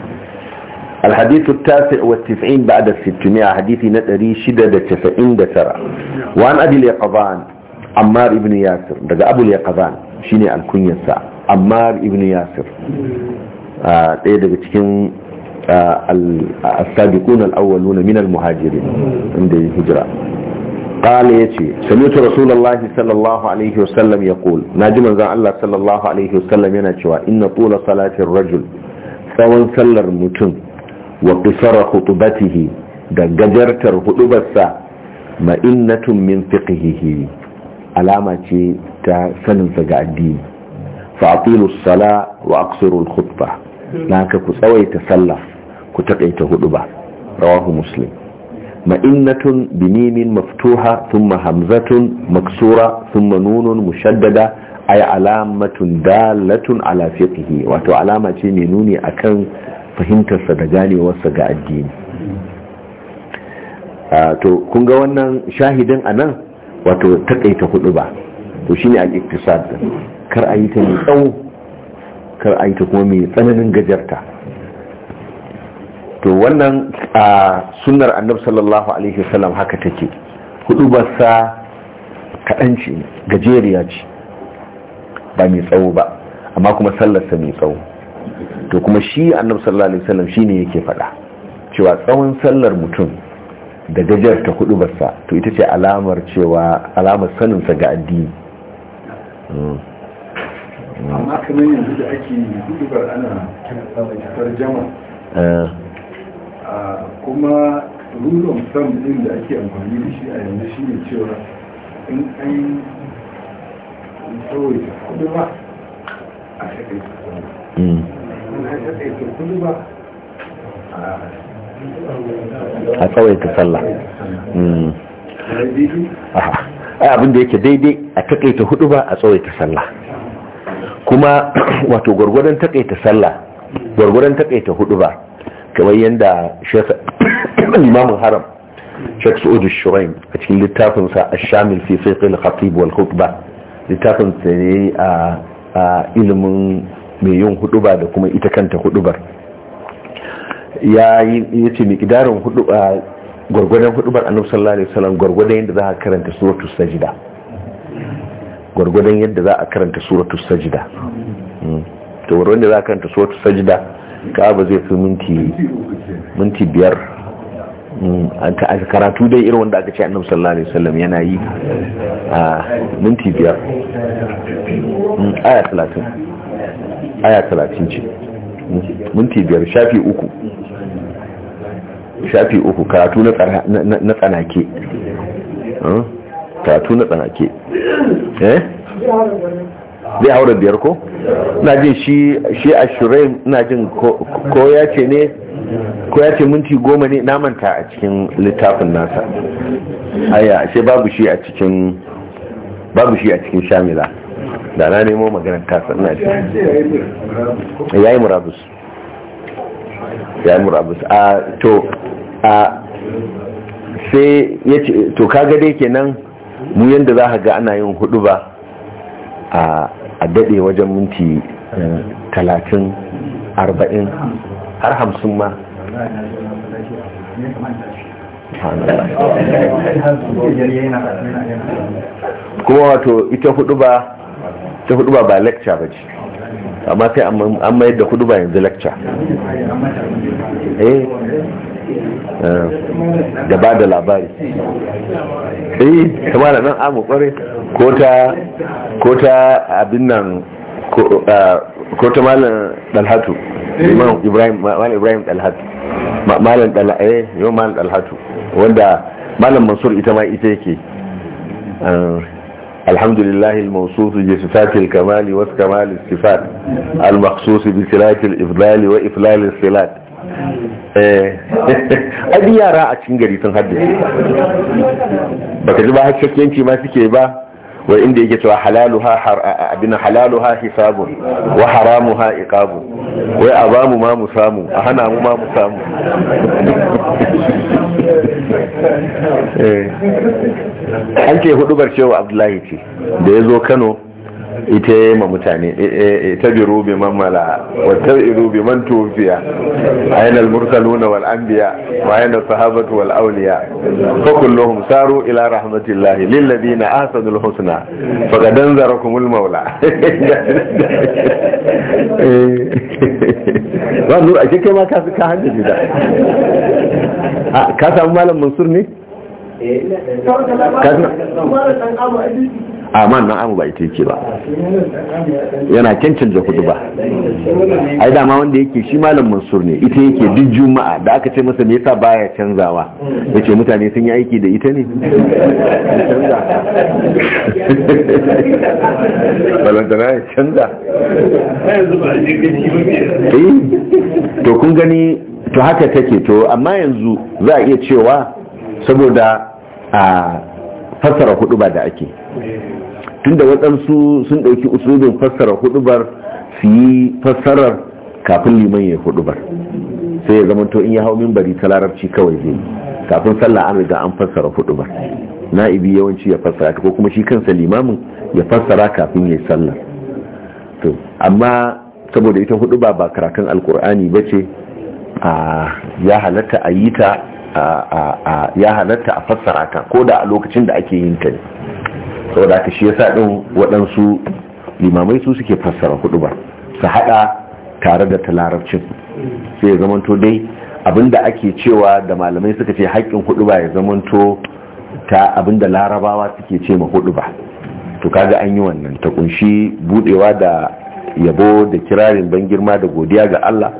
الحديث التاسع والتسعين بعد الستمائة حديث نتري شدة تسعين دسرة وعن أبي اليقظان عمار ابن ياسر دقى أبو اليقظان شيني الكنية الساعة عمار ابن ياسر ɗaya daga cikin السابقون الأولون من المهاجرين عند الهجرة قال يتي سمعت رسول الله صلى الله عليه وسلم يقول ناجم زان الله صلى الله عليه وسلم ينشوى إن طول صلاة الرجل سواء صلى المتن wa qisara khutbatihi da gajartar hudubarsa ma'innatun min fiqhihi alama ce ta saninsa ga addini fa'atilu sala wa Aksarul al-khutba naka ku tsawaita sallah ku takaita huduba rawahu muslim ma'innatun bimimin maftuha thumma hamzatun maksura thumma nunun mushaddada ay alamatun dalatun ala fiqhi wato alama ce mai nuni akan fahimtarsa da ganewarsa ga addini to kun ga wannan shahidin a nan wato takaita hudu ba to shine a iktisad kar a yi ta mai tsawo kar a yi ta kuma mai tsananin gajarta to wannan a sunnar annab sallallahu alaihi wasallam haka take hudu basa kaɗan ce gajeriya ce ba mai tsawo ba amma kuma sallarsa mai tsawo to kuma shi annabi sallallahu alaihi wasallam shine yake faɗa cewa tsawon sallar mutum da gajar ta hudu barsa to ita ce alamar cewa alamar saninsa ga addini hmm. Hmm. amma kamar yanzu da ake bar ana kyanatar jama eh. ah, kuma rulon sam din da ake amfani da shi a yanzu shi ne cewa in an tsawaita hudu ba a shakai a tsawaita sallah hmm. a abinda yake daidai a takaita hudu ba a tsawaita sallah kuma [CLEARS THROAT] wato gwargwadon takaita sallah gwargwadon takaita hudu ba kamar yadda limamin [CLEARS THROAT] haram shek su'udu shurain a cikin littafinsa a shamil fi fiqh al-khatib wal ba littafin ne a ilimin mai yin huduba da kuma ita kanta hudubar ya yi ce mai kidarin huduba gwargwadon hudubar annabi sallallahu alaihi wasallam gwargwadon yadda za a karanta suratu sajida gwargwadon yadda za a karanta suratu sajida hmm. to gwargwadon da za a karanta suratu sajida ka ba zai fi minti minti biyar a karatu dai irin wanda aka ce annabi sallallahu alaihi wasallam yana yi a minti biyar hmm, aya talatin aya talatin ce minti biyar shafi uku shafi uku karatu na tsanake hmm, karatu na tsanake eh zai haura biyar ko na jin shi a shirai na jin ko ya ce ne ko ya ce minti goma ne na manta a cikin littafin nasa aya sai babu shi a cikin babu shi a cikin shamila da na nemo maganar kasar na ce ya yi murabus ya yi murabus a to a sai ya ce to kaga dai kenan mu yadda za ga ana yin hudu ba a a daɗe wajen minti eh, talatin arba'in har hamsin ma kuma wato ita hudu ba ta hudu ba ba lecture ba ce amma sai an mayar da hudu ba yanzu lecture eh, Eh, da ba da labari eh kuma da nan amu kware ko ta abin nan eh, ko ta malam dalhatu imam ibrahim malam ibrahim dalhatu malam dalhatu eh, yo malam dalhatu wanda malam mansur ita ma ita yake الحمد لله الموصوف بصفات الكمال والكمال الصفات المخصوص بصلات الإفضال وإفلال الصلات eh abi [LAUGHS] yara a cikin gari sun haddace baka ji ba hakkiyanci ma suke ba wa inda yake cewa halaluha abin halaluha hisabun wa haramuha iqabu wai a bamu ma mu samu a hana mu ma mu samu [LAUGHS] eh. an ce hudubar cewa abdullahi ce da ya zo kano ita ya ma mutane ita bi rubi man mala wa ta bi rubi man tufiya ayin al-mursaluna wal anbiya wa ayin sahabatu wal awliya fa saru ila rahmatullahi, lil ladina ahsanul husna fa gadan zarakumul maula ba nur a kike ma ka ka hanji da ka samu malam mansur ne ka samu malam dan abu amma nan amu ba ita yake ba yana da kudu ba ai dama wanda yake shi malam mansur ne ita yake duk juma'a da aka ce masa me yasa baya canzawa yace mutane sun yi aiki da ita ne balantana ya canza eh, to kun gani to haka take to amma yanzu za a iya cewa saboda a ah, fassara hudu ba da ake tunda waɗansu sun ɗauki usulin fassara hudubar su yi fassarar kafin liman ya hudubar sai ya zama to in ya hau mimbari ta lararci kawai zai yi. kafin sallah an riga an fassara hudubar na'ibi yawanci ya fassara ta, ko kuma shi kansa limamin ya fassara kafin ya yi sallah to amma saboda ita huduba ba karatun alkur'ani ba ce ya halatta a yi ta ya halatta a fassara ta ko da a lokacin da ake yin ta ne saboda aka shi yasa din waɗansu limamai su suke fassara hudu ba su haɗa tare da talarabcin sai ya zamanto dai abinda ake cewa da malamai suka ce haƙƙin hudu ba ya zamanto ta abinda larabawa suke ce ma hudu ba to kaga an yi wannan ta kunshi budewa da yabo da kirarin ban girma da godiya ga Allah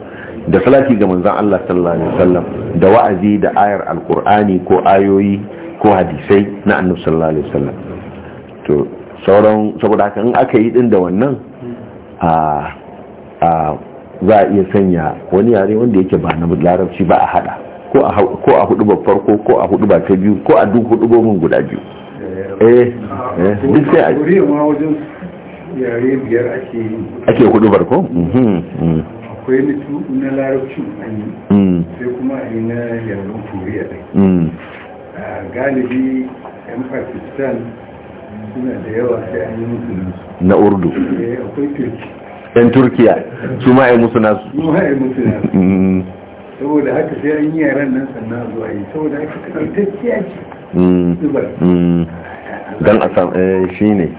da salati ga manzon Allah sallallahu alaihi wasallam da wa'azi da ayar alqur'ani ko ayoyi ko hadisai na annabi sallallahu alaihi wasallam to sauran saboda haka in aka yi din da wannan a za a iya sanya wani yare wanda yake ba na larabci ba a hada ko a hudu ba farko ko a hudu ba ta biyu ko a duk hudu bomin guda biyu eh, eh duk sai a yare biyar ake yi hudu barko mhm, mhm. akwai mutu na larabcin mm. sai kuma a yi na yaren turiya mm. galibi yan pakistan suna da yawa sai an yi musu na urdu eh, akwai yan turkiya su ma'ai musu nasu su musu nasu mm. saboda haka sai an yi yaran nan sannan zuwa yi saboda haka kasar turkiya ce mm. mm. don a san eh, shi ne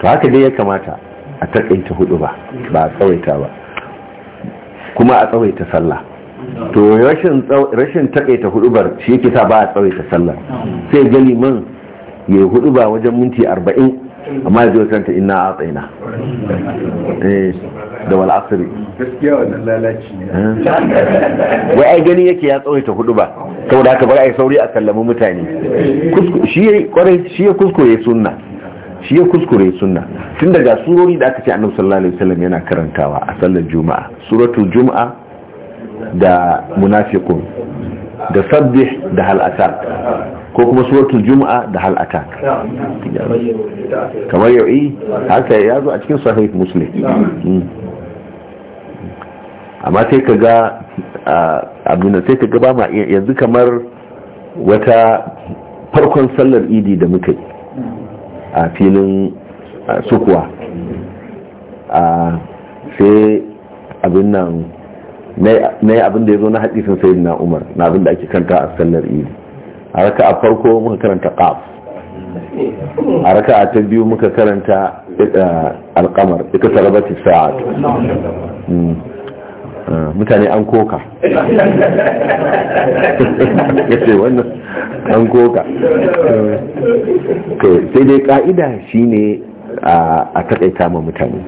to haka dai ya kamata a takaita hudu ba ba a tsawaita ba kuma a tsawaita sallah to rashin takaita hudubar shi yake sa ba a tsawaita sallah sai gani man. ya yi hudu ba wajen minti arba'in amma ya zai kanta ina a tsaina eh, da wal asiri gaskiya wannan lalaci ne eh. wai ai gani yake ya tsawaita hudu ba saboda haka bari ai sauri a kallamu mutane shi ya kuskure sunna shi ya kuskure sunna tun daga surori da aka ce annabi sallallahu alaihi wasallam yana karantawa a sallar juma'a suratul juma'a da munafiqun da sabbih da hal asar ko kuma suratul juma'a da hal ata kamar yau'i eh, haka ya zo a cikin sahih muslim hmm. amma sai ka ga abin sai ka gaba ma yanzu kamar wata farkon sallar idi da muka yi a filin sukuwa sai abin nan na yi abin da ya zo na hadisin sayi na umar na abin da ake kanta a sallar idi a raka a farko muka karanta qaf a raka ta biyu muka karanta eh, alkamar ita sarabatis sa'ad hmm. eh, mutane an koka [LAUGHS] ya ce wannan an koka eh, sai dai ka'ida shine a takaita ma mutane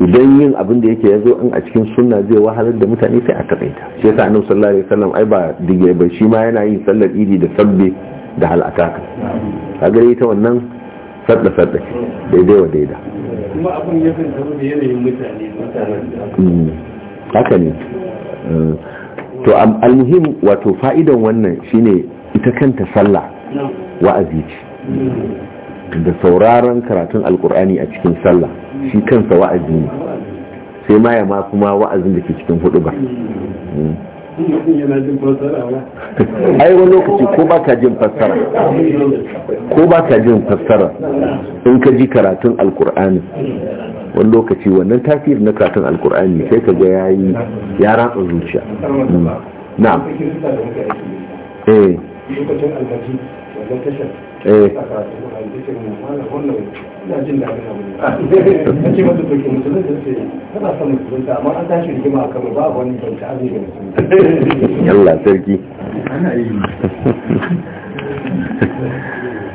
idan yin abin da yake yazo in a cikin sunna zai wahalar da mutane sai a takaita shi yasa annabi sallallahu alaihi wasallam ai ba dige ba shi ma yana yin sallar idi da sabbi da hal ataka kaga ita wannan sadda sadda daidai wa daida kuma abin ya kan zama da yanayin mutane mutanen mm. haka ne mm. to almuhim wato fa'idan wannan shine ita kanta sallah wa'azi ce mm. da sauraron karatun alkur'ani a cikin sallah shi kansa wa'azi ne sai ma kuma wa'azin da ke cikin hudu ba ai wani lokaci ko ba ka jin fassara ko ba ka jin fassara in ka ji karatun alkur'ani wani lokaci wannan tafiyar na karatun alkur'ani sai ka ga yayi ya ratsa zuciya na'am eh ايه [LAUGHS] يلا تركي [LAUGHS]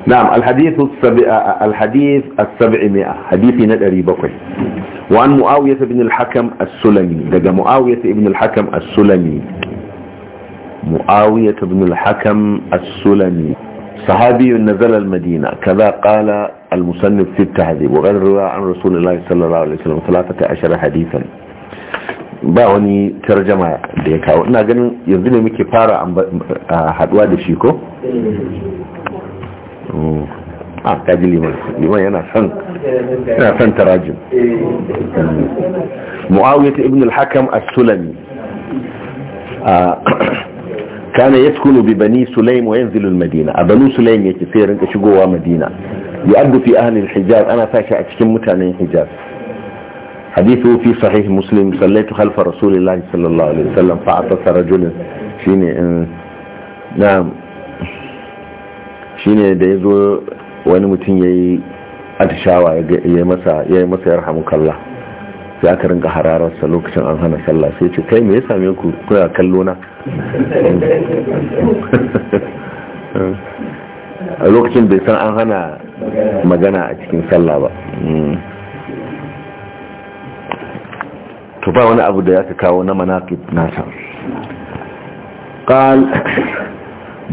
نعم الحديث السبع الحديث السبعمائة حديث ندري بقي وعن معاوية بن الحكم السلمي لقى معاوية بن الحكم السلمي معاوية بن الحكم السلمي صحابي نزل المدينة كذا قال المصنف في التهذيب وغير رواه عن رسول الله صلى الله عليه وسلم ثلاثة عشر حديثا ba wani tarjama da ya kawo ina ganin yanzu ne muke fara haduwa da shi ko? a yana son yana son tarajin mu'awiyar al-hakam as kana yaskunu bi bani sulaim wa yanzilu al-madina a banu sulaim yake sai rinka shigowa madina yu'addu fi ahli al-hijaz ana sashi a cikin mutanen hijaz hadithu fi sahih muslim sallaitu khalfa rasulillahi sallallahu alaihi wasallam fa atasa rajulun shine eh, na'am shine da yazo wani mutum yayi atishawa ya masa yayi masa kalla. sai aka rinka harararsa lokacin an hana sallah sai ce kai me ya same ku kuna kallo na a lokacin bai san an hana magana a cikin sallah ba hmm. to ba wani abu da ya ka kawo na manaqib nasa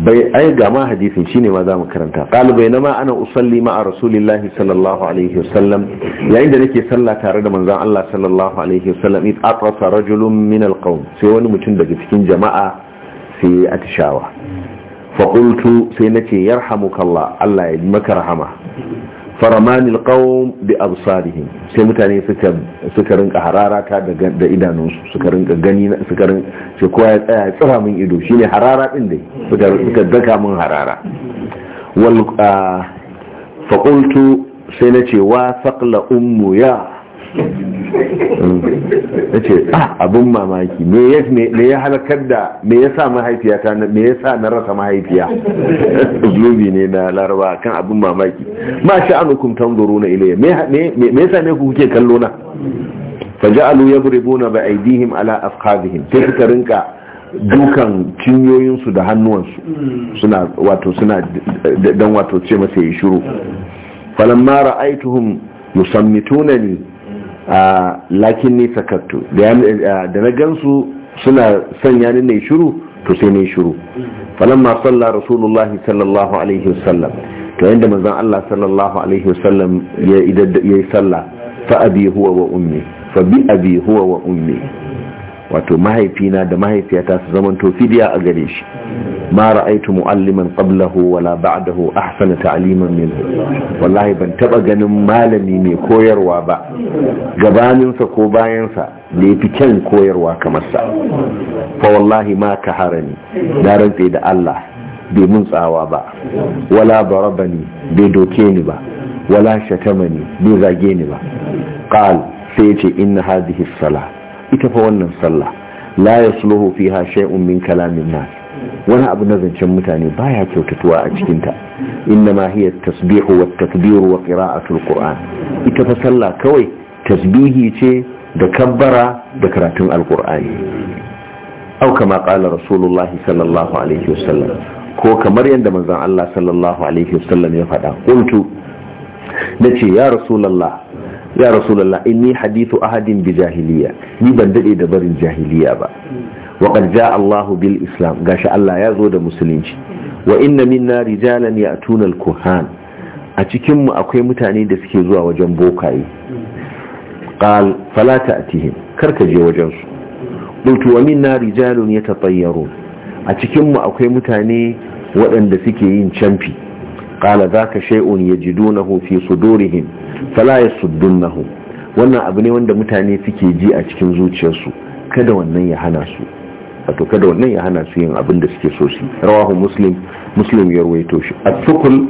bai ai ga ma hadisin shine ma zamu karanta qalibai na ma ana usalli ma rasulillahi sallallahu alaihi wasallam yayin da nake sallah tare da manzon Allah sallallahu alaihi wasallam id aqrasa rajulun min alqawm sai wani mutum daga cikin jama'a sai ya atishawa fa qultu sai nace yarhamukallah Allah ya maka rahama faramanil qawm bi absarihim sai mutane suka rinka hararata da da idanunsu suka rinka gani suka rinka kowa ya tsaya tsira min ido shine harara din dai suka daka min harara wal ah, sai na sai wa saqla ummu ya ya ce ah, abin mamaki me ya halakar da me ya sa mahaifiyata me ya sa na rasa mahaifiya zubi [LAUGHS] ne na laraba kan abin mamaki ma sha'anukum na ilaya me ya sa ne ku kuke kallo na faja'alu yabribuna bi aydihim ala afqadihim sai suka rinka dukan cinyoyinsu da hannuwansu suna wato suna dan wato ce masa yi shiru falamma ra'aituhum yusammitunani Ah, lakin ni sakattu ah, da na gansu suna sanya ni ne shiru to sai ne shiru ma salla rasulullah sallallahu alaihi wasallam to inda manzon Allah sallallahu alaihi wasallam ya yi salla fa abi huwa wa ummi fa bi abi huwa wa ummi wato mahaifina da mahaifiyata su zaman to fidiya a gare shi ma ra'aitu mu'alliman qablahu wala ba'dahu ahsana ta'liman minhu wallahi ban taba ganin malami mai koyarwa ba gabanin sa ko bayan sa da yafi kyan koyarwa kamar sa fa wallahi ma ka harani da rantse da Allah bai mun tsawa ba wala barabani bai doke ni ba wala shatamani bai zage ni ba qal sai ya ce inna hadhihi salat ita fa wannan sallah la yasluhu fiha shay'un min kalamin nas wani abu na zancen mutane baya kyautatuwa a cikinta innama hiya tasbihu wa takbiru wa qira'atul qur'an ita fa sallah kawai tasbihi ce da kabbara da karatun alqur'ani au kama qala rasulullah sallallahu alaihi wasallam ko kamar yadda manzon Allah sallallahu alaihi wasallam ya faɗa qultu nace ya rasulullah ya rasulullah inni hadithu ahadin bi jahiliya ni ban dade da barin jahiliya ba wa qad jaa Allahu bil islam gashi Allah ya zo da musulunci wa inna minna rijalan ya'tuna al kuhan a cikin mu akwai mutane da suke zuwa wajen bokaye qal fala ta'tihim karka je wajen su qultu wa minna rijalun yatatayyarun a cikin mu akwai mutane waɗanda suke yin camfi qala zaka shay'un yajidunahu fi sudurihim fala yasuddunahu wannan abu ne wanda mutane suke ji a cikin zuciyarsu kada wannan ya hana su wato kada wannan ya hana su yin abin da suke so su rawahu muslim muslim ya rawaito shi at-thukul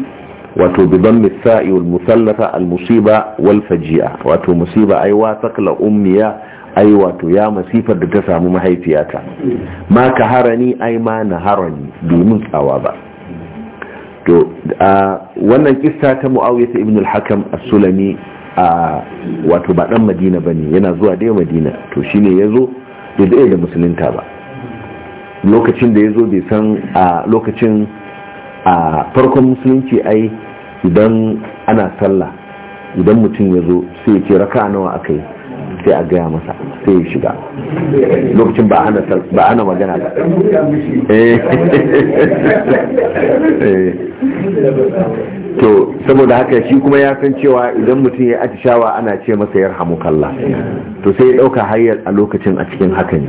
wato bi dammi sa'i wal musallafa al musiba wal faji'a wato musiba ai wa ummiya ai wato ya masifar da ta samu mahaifiyata ma ka harani ai ma na harani domin tsawa ba to a wannan kissa ta muawiya ta ibn al-hakam as-sulami a wato ba dan madina bane yana zuwa dai madina to shine yazo bai da da musulunta ba lokacin da yazo bai san a lokacin a farkon musulunci ai idan ana sallah idan mutum yazo sai ya ce raka'a nawa akai sai a gaya masa sai ya shiga lokacin ba ana magana ba eh. [LAUGHS] Eh. to saboda haka shi kuma ya san cewa idan mutum ya atishawa ana ce masa yar hamukalla to sai ya ɗauka hayar a lokacin a cikin haka ne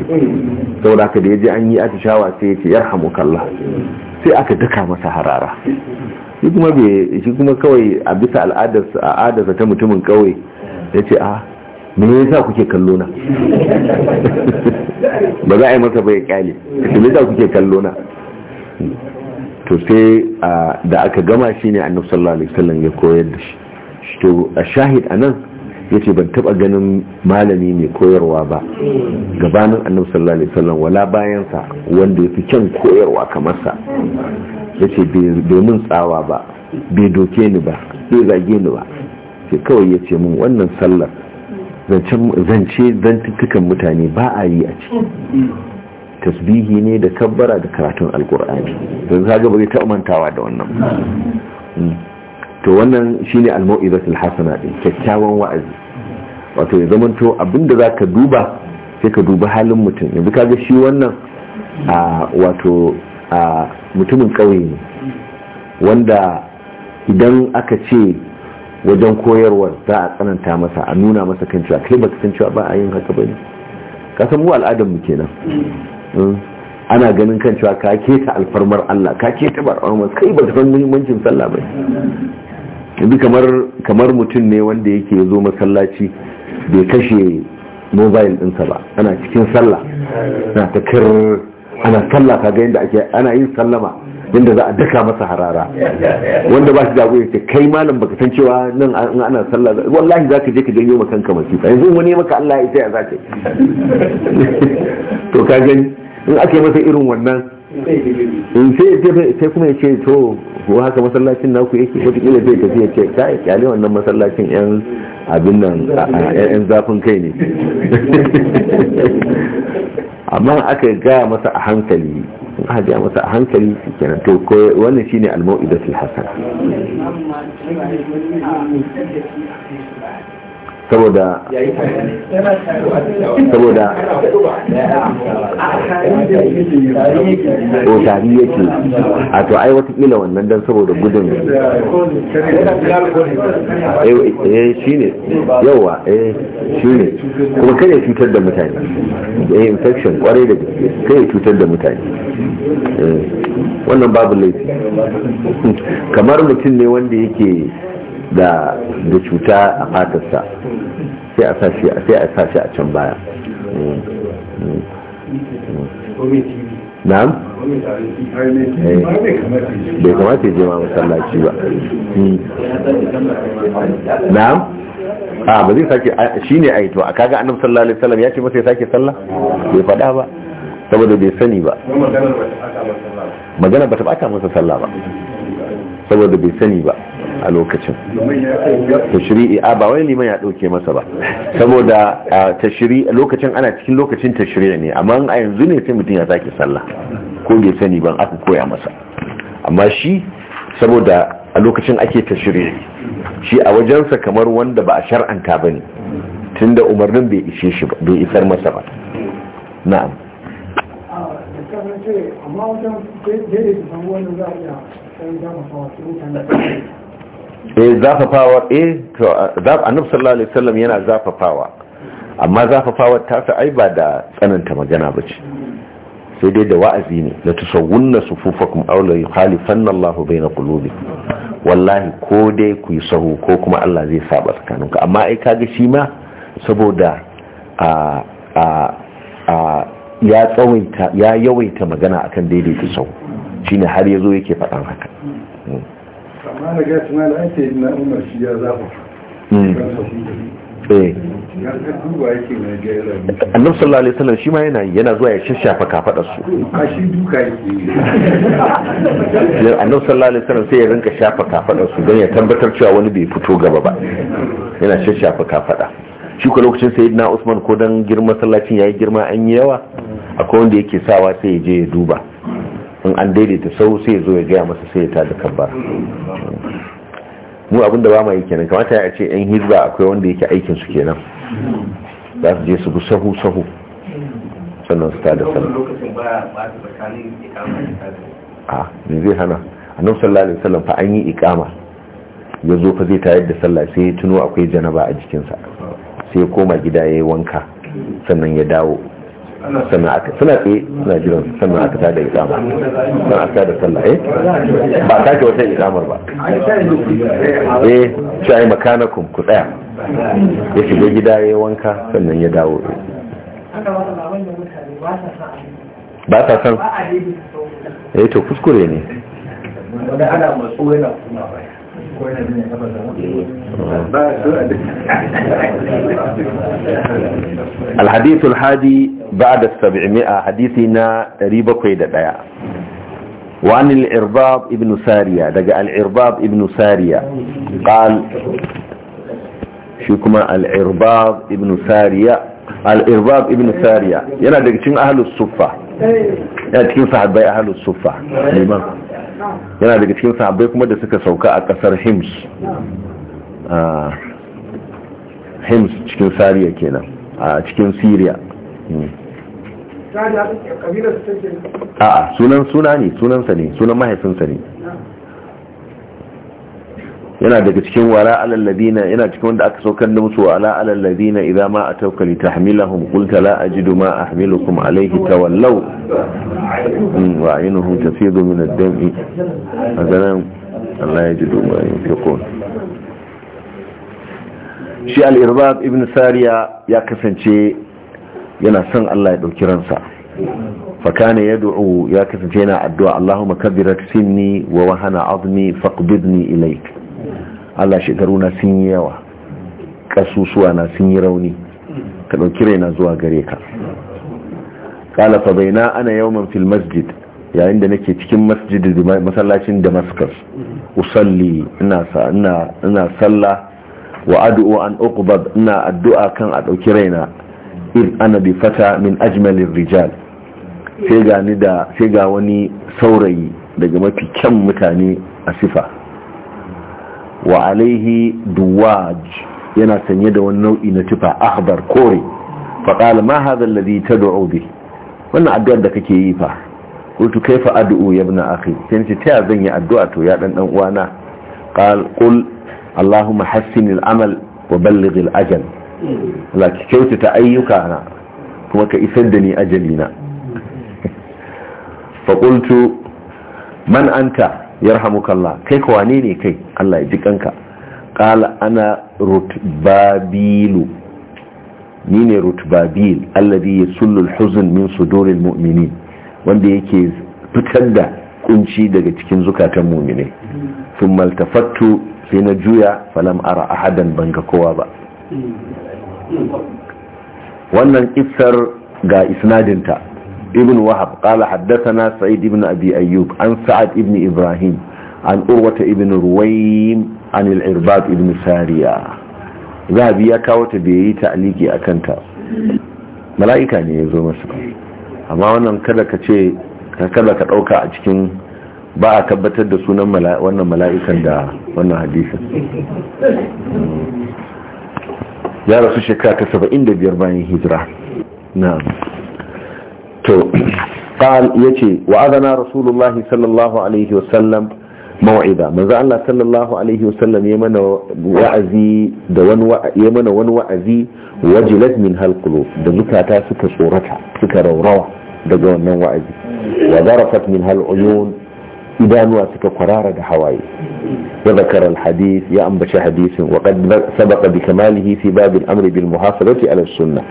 saboda haka da ya ji an yi atishawa sai ya ce yar hamukalla sai aka daka masa harara shi kuma kawai a bisa al'adarsa ta mutumin kawai ya ce a ah, me yasa kuke kallo na ba za a yi masa bai kyale kace me yasa kuke kallo na to sai da aka gama shi shine annabi sallallahu alaihi wasallam ya koyar da shi to a shahid anan yace ban taba ganin malami mai koyarwa ba gabanin annabi sallallahu alaihi wasallam wala bayansa sa wanda yafi kyan koyarwa kamar sa yace bai mun tsawa ba bai doke ni ba bai zage ni ba sai kawai yace mun wannan sallar zance zantuntukan mutane ba a yi a ciki tasbihi ne da kabbara da karatun alkur'ani don zaga ba zai ta mantawa da wannan hmm. to wannan shine al-mau'izatul hasana din kyakkyawan wa'azi wato ya zamanto abinda za ka duba sai ka duba halin mutum yanzu kaga shi wannan a wato mutumin ƙauye ne wanda idan aka ce wajen koyarwar za a tsananta masa a nuna masa kan cewa kai ba san cewa ba a yin haka bane ka san mu al'adar mu kenan hmm. ana ganin kan cewa ka keta alfarmar Allah ka keta mu, kai ba san muhimmancin sallah bane yanzu kamar kamar mutum ne wanda yake zo masallaci bai kashe mobile ɗinsa ba ana cikin sallah na ta kar ana sallah kaga yadda ake ana yin sallama inda za a daka masa harara wanda ba shi da ya ce kai malam baka san cewa nan in ana sallah wallahi za ka je ka janyo maka kanka masifa yanzu wani maka Allah ya ita ya za [LAUGHS] to ka gani in aka yi masa irin wannan sai kuma ya ce to ko haka masallacin naku yake wataƙila zai tafi ya ce kai kyale wannan masallacin yan abin nan yan zafin kai ne [LAUGHS] amma aka gaya masa a hankali aka gaya masa a hankali kenan to wannan shine al-mau'idatul hasana saboda saboda o tari yake a to ai watakila wannan don saboda gudun eh shi ne yawa eh shi ne eh, kuma kai ya cutar da mutane eh infection kwarai da gaske kai ya cutar da mutane eh, wannan babu laifi [LAUGHS] kamar mutum ne wanda yake da cuta a fatarsa sai a sashi a can baya na'am bai kamata je ma masallaci ba na'am a ba zai sake shi ne a yi to a kaga annabi sallallahu alaihi wasallam ya ce masa ya sake sallah bai faɗa ba saboda bai sani ba magana ba ta ta masa sallah ba saboda bai sani ba a lokacin tashiri a bawai liman ya dauke masa ba saboda tashri lokacin ana cikin lokacin tashiri ne amma a yanzu ne sai mutum ya zaki sallah ko bai sani ban aka koya masa amma shi saboda a lokacin ake tashiri shi a wajensa kamar wanda ba a shar'anta ba ne umarnin bai ishe shi bai isar masa ba na'am amma wajen daidaita samuwa za a iya sai dama mutane eh zafafawa eh to annabi sallallahu alaihi wasallam yana zafafawa amma zafafawa ta sa ai ba da tsananta magana ba ce sai dai da wa'azi ne la tusawwunna sufufakum aw la yukhalifanna Allahu baina qulubikum wallahi ko dai ku yi sahu ko kuma Allah zai saba tsakaninku amma ai kaga shi ma saboda a a a ya tsawaita ya yawaita magana akan daidaita sahu shine har yazo yake faɗan haka hmm. amma na gasu na da na umar shi ya zafa hmm. eh. annab sallallahu alaihi wasallam shi ma yana yana zuwa ya shashafa kafadar su a sallallahu alaihi wasallam sai ya rinka shafa kafadar su don ya tabbatar cewa wani bai fito gaba ba yana shashafa kafada shi ko lokacin sayyidina Usman ko dan girma sallacin yayi girma an yi yawa akwai wanda yake sawa sai ya je ya duba in an daidaita sau sai ya zo ya gaya masa sai ya tada kabbar mu abinda ba mu yi kenan kamata ya ce yan hizba akwai wanda yake aikin su kenan za su je su bi sahu sahu sannan su tada sallah a ne zai hana annabi sallallahu alaihi wasallam fa an yi ikama ya zo fa zai tayar da sallah sai ya tuno akwai janaba a jikinsa sai ya koma gida ya yi wanka sannan ya dawo sannan suna suna jiran sannan ikama sallah eh ba wata ikamar ba eh shi makanakum ku tsaya ya shiga gida ya wanka sannan ya dawo ba ta san eh to kuskure ne wanda ana masu wani kuma bai [LAUGHS] الحديث الحادي بعد السبعمائة حديثنا ريبا قيدة بيا وعن العرباب ابن سارية دقاء العرباب ابن سارية قال شكما العرباب ابن سارية العرباب ابن سارية ينا دقاء أهل الصفة ينا تكين أهل الصفة أيوه. yana daga cikin sahabbai kuma da suka sauka a kasar hims ah, hims cikin sariya kenan a cikin syria hmm. a'a sunan suna ne sunansa ne sunan mahaifinsa ne ah. yana daga cikin wala alal ladina yana cikin wanda aka saukar da musu wala alal ladina idza ma atawka li tahmilahum qulta la ajidu ma ahmilukum alayhi tawallaw hmm, wa aynuhum tafidu min ad-dam'i azalan Allah yajidu ma yunfiqun shi al-irbab ibn sariya ya kasance yana son Allah ya dauki ransa فكان يدعو يا كثيرا الدعاء اللهم كبرت سني ووهن عظمي فاقبضني إليك Allah shekaru na sun yi yawa kasusuwa na sun yi rauni ka ɗauki raina zuwa gare ka kala fa baina ana yawman fil masjid yayin da nake cikin masjid masallacin damascus usalli ina sa ina ina sallah wa ad'u an uqbad ina addu'a kan a ɗauki raina in ana bi fata min ajmalin rijal sai ga da sai ga wani saurayi daga mafi kyan mutane a sifa wa alaihi duwaj yana sanye da wani nau'i na tufa ahbar kore faƙala ma hadha alladhi tad'u bi wannan addu'ar da kake yi fa qultu kaifa ad'u ya ibn akhi sai ce ta zan yi addu'a to ya dan dan uwana qal qul allahumma hassin amal wa balligh al-ajal la kyautata ayyuka na kuma ka isar da ni ajali na [LAUGHS] fa qultu man anta Allah! kai ka wane ne kai Allah ya ji kanka qala ana rutbabilu ni ne rutbabil alladhi yasullu alhuzn min suduril almu'minin wanda yake fitar da kunci daga cikin zukatan mu'minai thumma iltafattu sai na juya falam ara ahadan banga kowa ba wannan kissar ga isnadinta ibn wahab qala na sa'id ibn abi ayyub an sa'ad ibn ibrahim an urwata ibn ruwaym an al-irbad ibn sariya zabi ya kawo ta da yayi ta'liki akan malaika ne yazo masa amma wannan kada ka ce kada ka dauka a cikin ba a tabbatar da sunan wannan mala'ikan da wannan hadisin ya rasu shekara ta biyar bayan hijira to qal yace wa adana rasulullah sallallahu alaihi wasallam mau'iza manzo Allah sallallahu alaihi wasallam ya mana wa'azi da wani ya mana wani wa'azi wajilat min halqulub da zukata suka tsorata suka raurawa daga wannan wa'azi wa zarafat min hal uyun idanuwa suka kwarara da hawaye وذكر الحديث يا أنبش حديث وقد سبق بكماله في باب الأمر بالمحافظة على السنة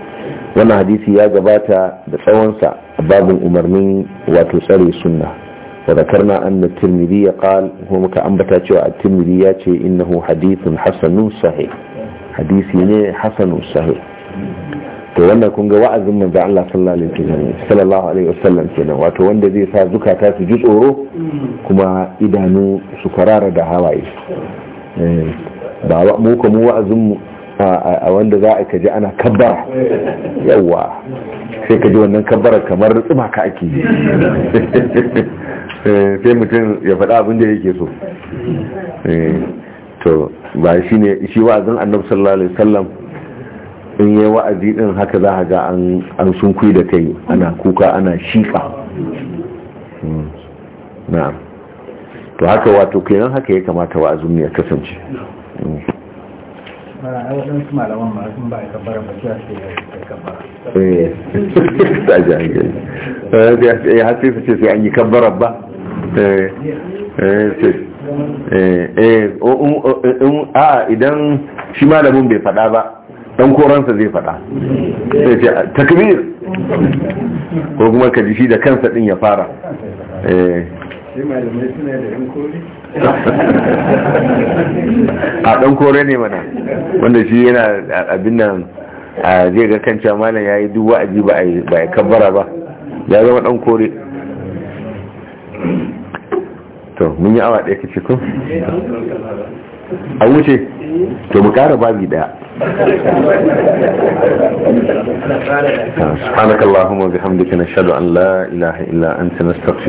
وانا حديثي يا جباتا بصوانسا باب الأمرمين وتسري السنة وذكرنا أن الترمذي قال هو مكأنبتا شوى الترمذي إنه حديث حسن صحيح حديثي حسن صحيح to wannan kun ga wa'azin manzo Allah sallallahu alaihi wasallam sallallahu alaihi wasallam kenan wato wanda zai sa zukata su ji tsoro kuma idanu su karara da hawaye eh, ba mu kuma wa'azin mu a wanda za a ka ji ana kabbara yawa sai ka ji wannan kabbara kamar tsuma ka ake [LAUGHS] eh, sai mutum ya faɗa abin da yake so eh, to ba shi ne shi wa'azin annabi sallallahu alaihi wasallam in yi wa'azi din haka za a ga an sun kuyi da kai ana kuka ana shiƙa hmm. na'am to haka wato kenan haka ya kamata wa'azin ya kasance a idan shi malamin bai fada ba dan koransa zai faɗa sai ce takbir ko kuma ka ji shi da kansa din ya fara eh a dan kore ne mana wanda shi yana abin nan a zai ga kanca malam ya yi duwa aji ba ya kabbara ba ya zama dan kore to mun yi awa ɗaya kace ko a wuce to mu ƙara babi daya subhanakallahumma bihamdika nashhadu an la ilaha illa anta